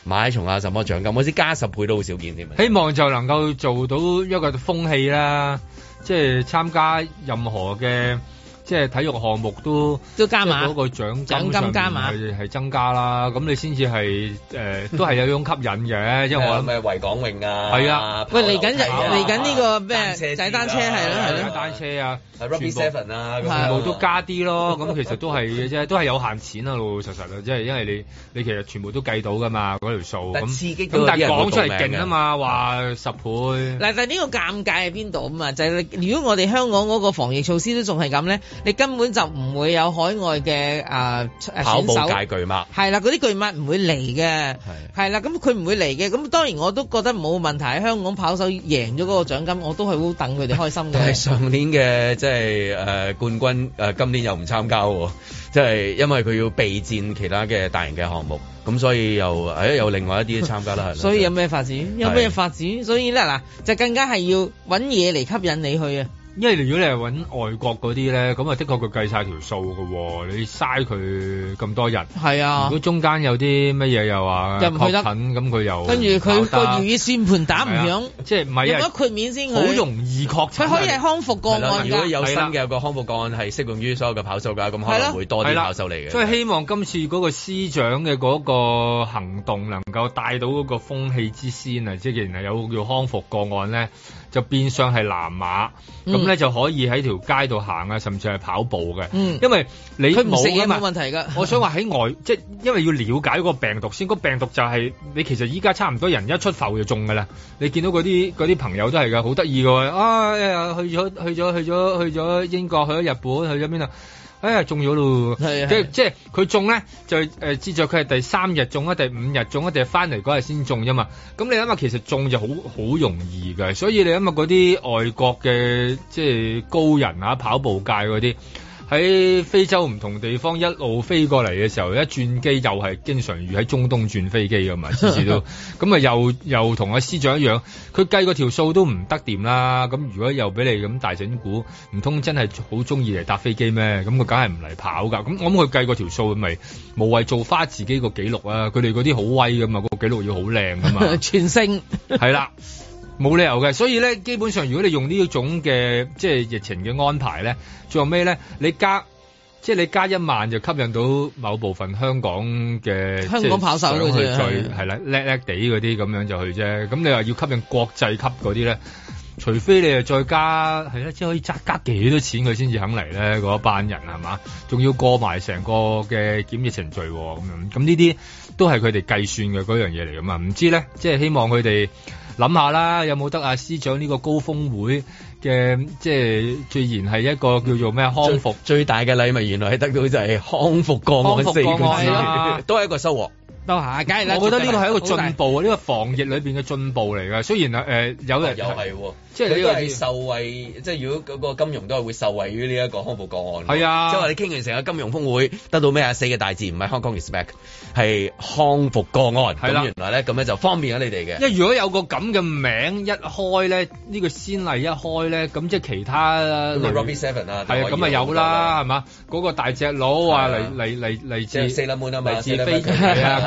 馬拉松啊什麼獎金，我知加十倍都好少見添。希望就能夠做到一個風氣啦，即係參加任何嘅。即係體育項目都都加碼嗰個獎金，獎金加碼係增加啦，咁你先至係誒都係有種吸引嘅， 因為我諗係維港泳啊係啊，啊，喂嚟緊嚟緊呢個咩踩單車係咯係咯踩單車，啊，單車啊，啊，啊，全部都加啲咯，咁、啊、其實都係嘅啫， 都係有限錢啊老老實實啊，即係因為你你其實全部都計到㗎嘛嗰條數，咁刺激到，但係講出嚟勁啊嘛，話十倍嗱，但係呢個尷尬喺邊度啊嘛就係、是、如果我哋香港嗰個防疫措施都仲係咁咧？你根本就唔會有海外嘅啊跑步界巨擘，係啦，嗰啲巨擘唔會嚟嘅，係啦，咁佢唔會嚟嘅，咁當然我都覺得冇問題。香港跑手贏咗嗰個獎金，我都係好等佢哋開心嘅。但係上年嘅即係誒冠軍，誒今年又唔參加喎，即係因為佢要備戰其他嘅大型嘅項目，咁所以又、哎、有另外一啲參加啦。係 所以有咩發展？有咩發展？所以咧嗱，就更加係要揾嘢嚟吸引你去啊！因為如果你係揾外國嗰啲咧，咁啊，的確佢計晒條數嘅，你嘥佢咁多人，係啊，如果中間有啲乜嘢又話確診，咁佢又跟住佢個如意算盤打唔響，即係唔係啊？如果豁免先好容易確診，佢可以係康復個案、啊、如果有新嘅一個康復個案係適用於所有嘅跑手㗎，咁可能會多啲跑手嚟嘅。所以希望今次嗰個司長嘅嗰個行動能夠帶到嗰個風氣之先啊！即係既然有叫康復個案咧，就變相係南馬、嗯咁咧就可以喺條街度行啊，甚至係跑步嘅。嗯，因為你唔食嘢冇問題噶。我想話喺外，即係因為要了解嗰個病毒先，嗰、那個、病毒就係、是、你其實依家差唔多人一出埠就中㗎啦。你見到嗰啲嗰啲朋友都係噶，好得意嘅。啊，去咗去咗去咗去咗英國，去咗日本，去咗邊啊？哎呀，中咗咯，係係即即係佢中咧就誒，之在佢係第三日中啊，第五日中啊，定係翻嚟嗰日先中啫嘛。咁你諗下，其實中就好好容易嘅，所以你諗下嗰啲外國嘅即係高人啊，跑步界嗰啲。喺非洲唔同地方一路飛過嚟嘅時候，一轉機又係經常遇喺中東轉飛機噶嘛，次次都咁啊， 又又同阿司長一樣，佢計個條數都唔得掂啦。咁如果又俾你咁大整蠱，唔通真係好中意嚟搭飛機咩？咁佢梗係唔嚟跑噶。咁我諗佢計個條數咁咪、就是、無謂做返自己個記錄啊。佢哋嗰啲好威噶嘛，個記錄要好靚噶嘛， 全勝係啦。 冇理由嘅，所以咧，基本上如果你用呢種嘅即係疫情嘅安排咧，最後咩咧，你加即係你加一萬就吸引到某部分香港嘅香港跑手嘅啫，係啦叻叻地嗰啲咁樣就去啫。咁你話要吸引國際級嗰啲咧，除非你又再加係啦，即係可以扎加幾多錢佢先至肯嚟咧？嗰一班人係嘛，仲要過埋成個嘅檢疫程序咁、哦、樣。咁呢啲都係佢哋計算嘅嗰樣嘢嚟㗎嘛。唔知咧，即係希望佢哋。諗下啦，有冇得阿司長呢個高峰會嘅，即係最然係一個叫做咩康復最，最大嘅禮物，原來係得到就係康復個案，四個字、啊、都係一個收穫。都下梗係啦。我覺得呢個係一個進步啊，呢、呢個防疫裏面嘅進步嚟㗎。雖然係、呃、有人又係，即係呢係受惠，即係如果嗰個金融都係會受惠於呢一個康復個案。係啊，即係話你傾完成個金融峰會得到咩啊？四個大字唔係 Hong Kong Respect，係康復個案。啦、啊、原來咧咁咧就方便咗你哋嘅。因為如果有個咁嘅名一開咧，呢、呢個先例一開咧，咁即係其他咁啊，Rugby Sevens 啦，係啊，咁啊有啦，係嘛、啊？嗰、嗰個大隻佬啊，嚟嚟嚟嚟自嚟自飛。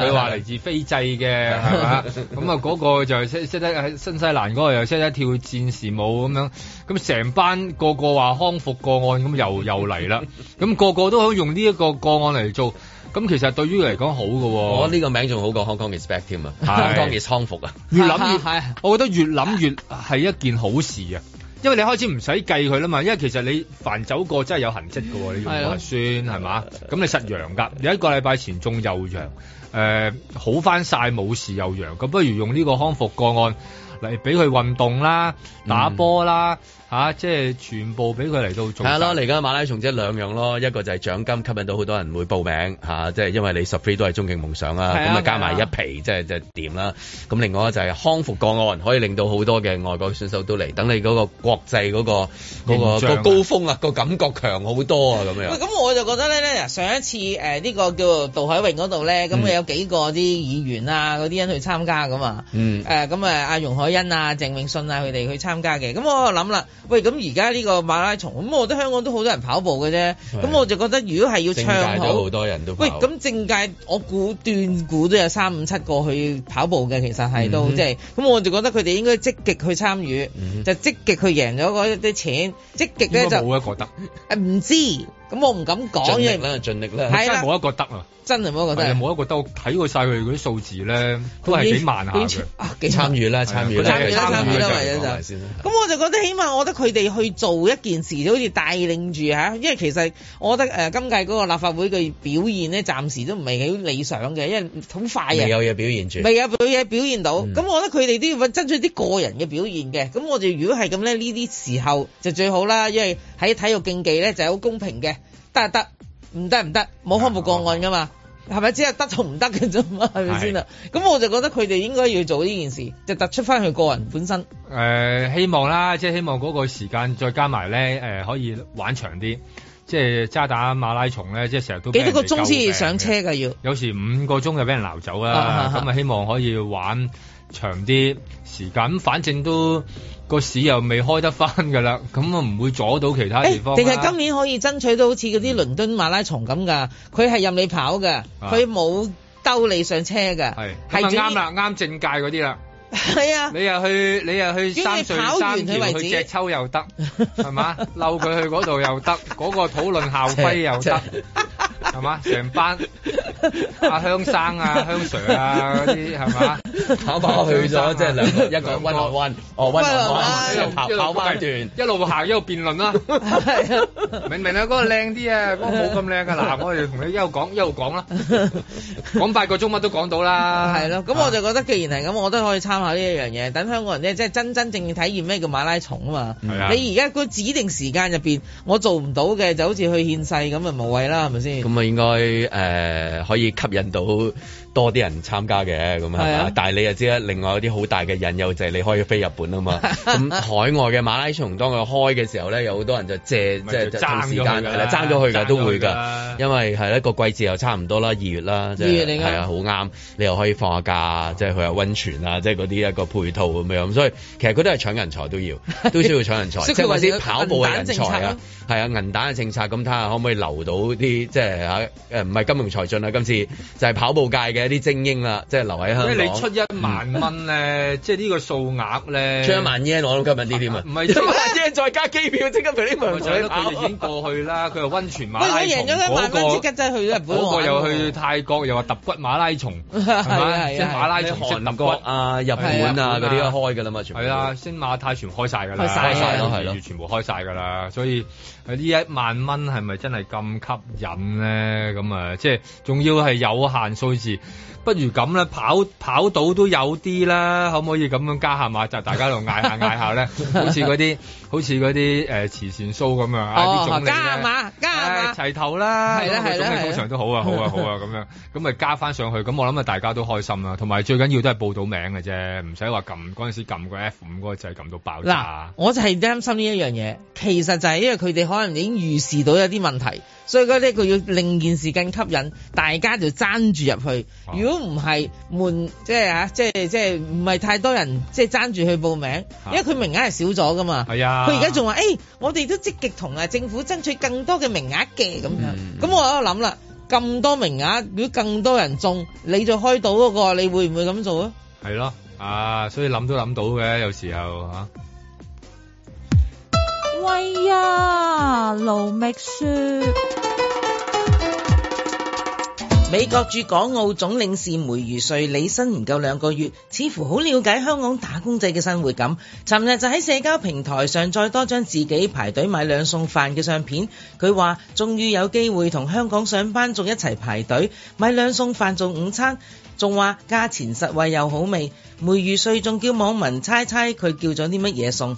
佢話嚟自飛制嘅，係 嘛？咁啊，嗰個就識識得喺新西蘭嗰個又識得跳戰士舞咁樣，咁成班個個話康復個案，咁又又嚟啦。咁、那個個都好用呢一個個案嚟做，咁其實對於嚟講好嘅。我呢個名仲好過 Hong Kong is back 添啊？康康嘅康復啊！ 越諗越，我覺得越諗越係一件好事啊！因為你開始唔使計佢啦嘛，因為其實你凡走過真係有痕跡嘅，你用核酸，係 嘛？咁你實陽㗎，你一個禮拜前仲有陽。誒好翻曬，冇事又陽。咁不如用呢個康復個案嚟俾佢運動啦，打波啦。嗯嚇、啊，即係全部俾佢嚟到做。係咯，嚟緊馬拉松即係兩樣咯，一個就係獎金吸引到好多人會報名，嚇、啊，即係因為你十飛都係終極夢想啦，咁啊加埋一皮即係即係點啦。咁、就是就是、另外就係康復個案，可以令到好多嘅外國選手都嚟，等你嗰個國際嗰、嗰個嗰個嗰個嗰個高峰啊，嗰個感覺強好多啊咁樣。咁我就覺得咧上一次誒呢、呃呢個叫渡海泳嗰度咧，咁、嗯、啊有幾個啲議員啊嗰啲人去參加噶嘛。嗯。咁啊，阿、啊、容海恩啊、鄭泳舜啊佢哋去參加嘅，咁我諗啦。喂，咁而家呢個馬拉松，咁我覺得香港都好多人跑步嘅啫。咁我就覺得，如果係要唱好，都多人都喂，咁政界我估斷估都有三五七個去跑步嘅，其實係都即係。咁、嗯就是、我就覺得佢哋應該積極去參與，嗯、就積極去贏咗嗰啲錢，積極咧就冇一個得，唔知。咁我唔敢講嘅、就是，咁就盡力啦。力啊、真係冇一個得啊！真係冇一個得。冇一個得，我睇過晒佢啲數字咧，都係幾慢下嘅。啊，參與啦，參與啦，參與啦，參與啦，為咁、啊就是啊、我就覺得，起碼我覺得佢哋去做一件事，就好似帶領住嚇。因為其實我覺得誒、呃、今屆嗰個立法會嘅表現咧，暫時都唔係好理想嘅，因為好快啊。有嘢表現住。未有表嘢表現到。咁、嗯、我覺得佢哋都要爭取啲個人嘅表現嘅。咁我哋如果係咁咧，呢啲時候就最好啦，因為。喺體育競技咧就係、是、好公平嘅，得係得，唔得唔得，冇康復個案噶嘛，係咪只係得同唔得嘅啫嘛，係咪先啦？咁 我就覺得佢哋應該要做呢件事，就突出翻佢個人本身。誒、呃，希望啦，即、就、係、是、希望嗰個時間再加埋咧，誒、呃，可以玩長啲，即係渣打馬拉松咧，即係成日都幾多個鐘先上車噶，要有時五個鐘就俾人鬧走啦。咁啊，啊希望可以玩長啲時間，反正都。個市又未開得翻噶啦，咁啊唔會阻到其他地方、啊。定、欸、係今年可以爭取到好似嗰啲倫敦馬拉松咁噶，佢係任你跑㗎，佢冇兜你上車㗎。係咁啱啦，啱政界嗰啲啦。係啊！你又去，你又去三歲山田去食抽又得，係 嘛？嬲佢去嗰度又得，嗰個討論校規又得。 係嘛？成班阿香生啊、香 sir 啊嗰啲，係嘛？我冇去咗，即係兩個一個 one on one，哦，one on one，一路跑一段，一路行一路辯論啦。係啊，明唔明啊？嗰個靚啲啊，嗰個冇咁靚嘅男，我哋同你一路講一路講啦，講八個鐘乜都講到啦。係咯，咁我就覺得既然係咁，我都可以參考呢一樣嘢，等香港人咧，即係真真正正體驗咩叫馬拉松啊嘛。係啊，你而家嗰指定時間入邊，我做唔到嘅，就好似去獻世咁啊，無謂啦，係咪先？咁啊應該誒、呃、可以吸引到多啲人參加嘅咁係嘛？但係你又知啦，另外有啲好大嘅引誘就係你可以飛日本啊嘛。咁 海外嘅馬拉松當佢開嘅時候咧，有好多人就借即係爭時間係啦，爭咗去㗎都會㗎。因為係一個季節又差唔多啦，二月啦，係啊，好啱。你又可以放下假，即係去下溫泉啊，即係嗰啲一個配套咁樣。所以其實佢都係搶人才都要，都需要搶人才， 即係嗰啲跑步嘅人才啊。係啊，銀彈嘅政策咁睇下可唔可以留到啲，即係啊誒唔係金融財政啦，今次就係跑步界嘅。有啲精英啦，即係留喺香港。即係你出一萬蚊咧， 即係呢個數額咧。出一萬 yen 我今日啲點啊？唔係一萬 yen 再加機票，即係俾你唔佢哋已經過去啦。佢又溫泉馬拉松。我贏咗一萬蚊，即刻真係去日本。嗰 個又去泰國，又話揼骨馬拉松。係 啊！馬拉松揼骨啊，日本啊嗰啲開㗎啦嘛。係啊！星馬泰全開晒㗎啦，開晒咯係咯，全部開晒㗎啦，所以。係呢一萬蚊係咪真係咁吸引咧？咁啊，即係仲要係有限數字。不如咁啦，跑跑到都有啲啦，可唔可以咁樣加下馬就大家度嗌下嗌下咧， 好似嗰啲好似嗰啲誒慈善 show 咁樣，加下馬加下馬齊頭啦，係啦係啦，通常都好啊好啊好啊咁 樣咁咪加翻上去，咁我諗啊大家都開心啦，同埋最緊要都係報到名嘅啫，唔使話撳嗰陣時撳個 F 五嗰個掣撳到爆炸。嗱，我就係擔心呢一樣嘢，其實就係因為佢哋可能已經預示到有啲問題所以嗰啲佢要令件事更吸引，大家就爭住入去、哦。如果唔係，悶即係吓，即係即係唔係太多人即係、就是、爭住去報名，因為佢名額係少咗噶嘛。係、哎、啊，佢而家仲話誒，我哋都積極同啊政府爭取更多嘅名額嘅咁樣。咁、嗯、我喺度諗啦，咁多名額，如果更多人中，你再開到嗰、那個，你會唔會咁做啊？係咯，啊，所以諗都諗到嘅，有時候吓。啊喂、哎、呀，盧覓雪！美國駐港澳總領事梅如瑞履新唔夠兩個月，似乎好了解香港打工仔嘅生活咁。尋日就喺社交平台上再多張自己排隊買兩餸飯嘅相片。佢話：終於有機會同香港上班族一齊排隊買兩餸飯做午餐，仲話價錢實惠又好味。梅如瑞仲叫網民猜猜佢叫咗啲乜嘢餸。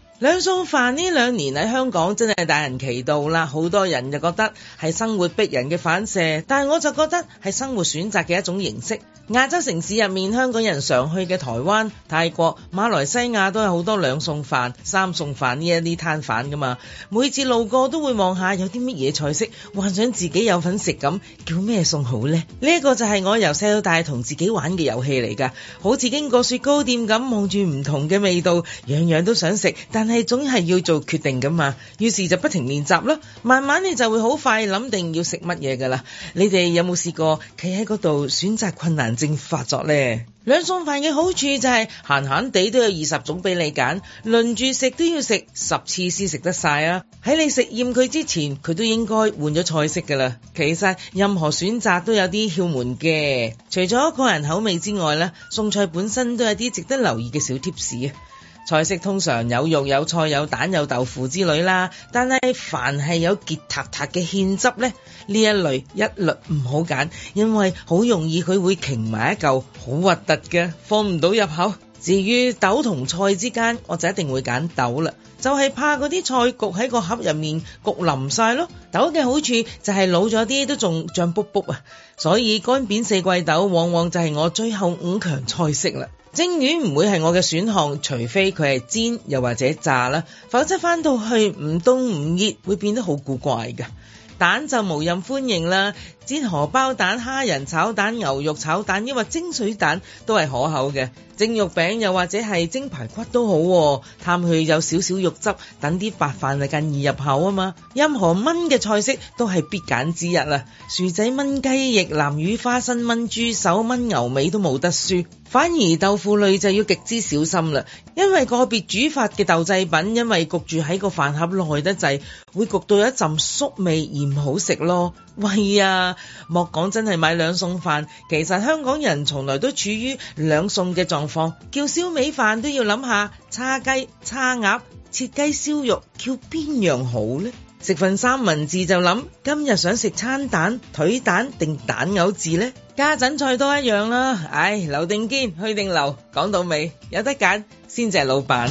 兩餸飯呢兩年喺香港真係大行其道啦，好多人就覺得係生活逼人嘅反射，但係我就覺得係生活選擇嘅一種形式。亞洲城市入面，香港人常去嘅台灣、泰國、馬來西亞都有好多兩餸飯、三餸飯呢一啲攤販㗎嘛，每次路過都會望下有啲乜嘢菜式，幻想自己有份食咁，叫咩餸好呢？呢一個就係我由細到大同自己玩嘅遊戲嚟㗎，好似經過雪糕店咁，望住唔同嘅味道，樣樣都想食，但係，係總係要做決定噶嘛，於是就不停練習咯，慢慢你就會好快諗定要食乜嘢噶啦。你哋有冇試過企喺嗰度選擇困難症發作呢？兩餸飯嘅好處就係閒閒地都有二十種俾你揀，輪住食都要食十次先食得晒啊！喺你食厭佢之前，佢都應該換咗菜式噶啦。其實任何選擇都有啲竅門嘅，除咗個人口味之外咧，餸菜本身都有啲值得留意嘅小貼士啊。菜式通常有肉有菜有蛋有豆腐之類啦，但係凡係有結塔塔嘅芡汁咧，呢一類一律唔好揀，因為好容易佢會瓊埋一嚿，好核突嘅，放唔到入口。至於豆同菜之間，我就一定會揀豆啦，就係怕嗰啲菜焗喺個盒入面焗腍曬咯。豆嘅好處就係老咗啲都仲脹卜卜啊，所以乾煸四季豆往往就係我最後五強菜式啦。蒸魚唔會係我嘅選項，除非佢係煎又或者炸啦，否則翻到去唔凍唔熱會變得好古怪嘅。蛋就無任歡迎啦。煎荷包蛋、蝦仁炒蛋、牛肉炒蛋，抑或蒸水蛋都係可口嘅。蒸肉餅又或者係蒸排骨都好，啊，貪去有少少肉汁，等啲白飯啊更易入口啊嘛。任何炆嘅菜式都係必揀之一啦。薯仔炆雞翼、南乳花生炆豬手、炆牛尾都冇得輸，反而豆腐類就要極之小心啦，因為個別煮法嘅豆製品，因為焗住喺個飯盒耐得滯，會焗到有一陣宿味而唔好食咯。喂呀！莫講真係買兩餸飯，其實香港人從來都處於兩餸嘅狀況。叫燒味飯都要諗下叉雞、叉鴨、切雞燒肉，叫邊樣好呢？食份三文治就諗，今日想食餐蛋、腿蛋定蛋牛治呢？家陣菜都一樣啦。唉，留定堅去定留，講到尾有得揀先謝老闆。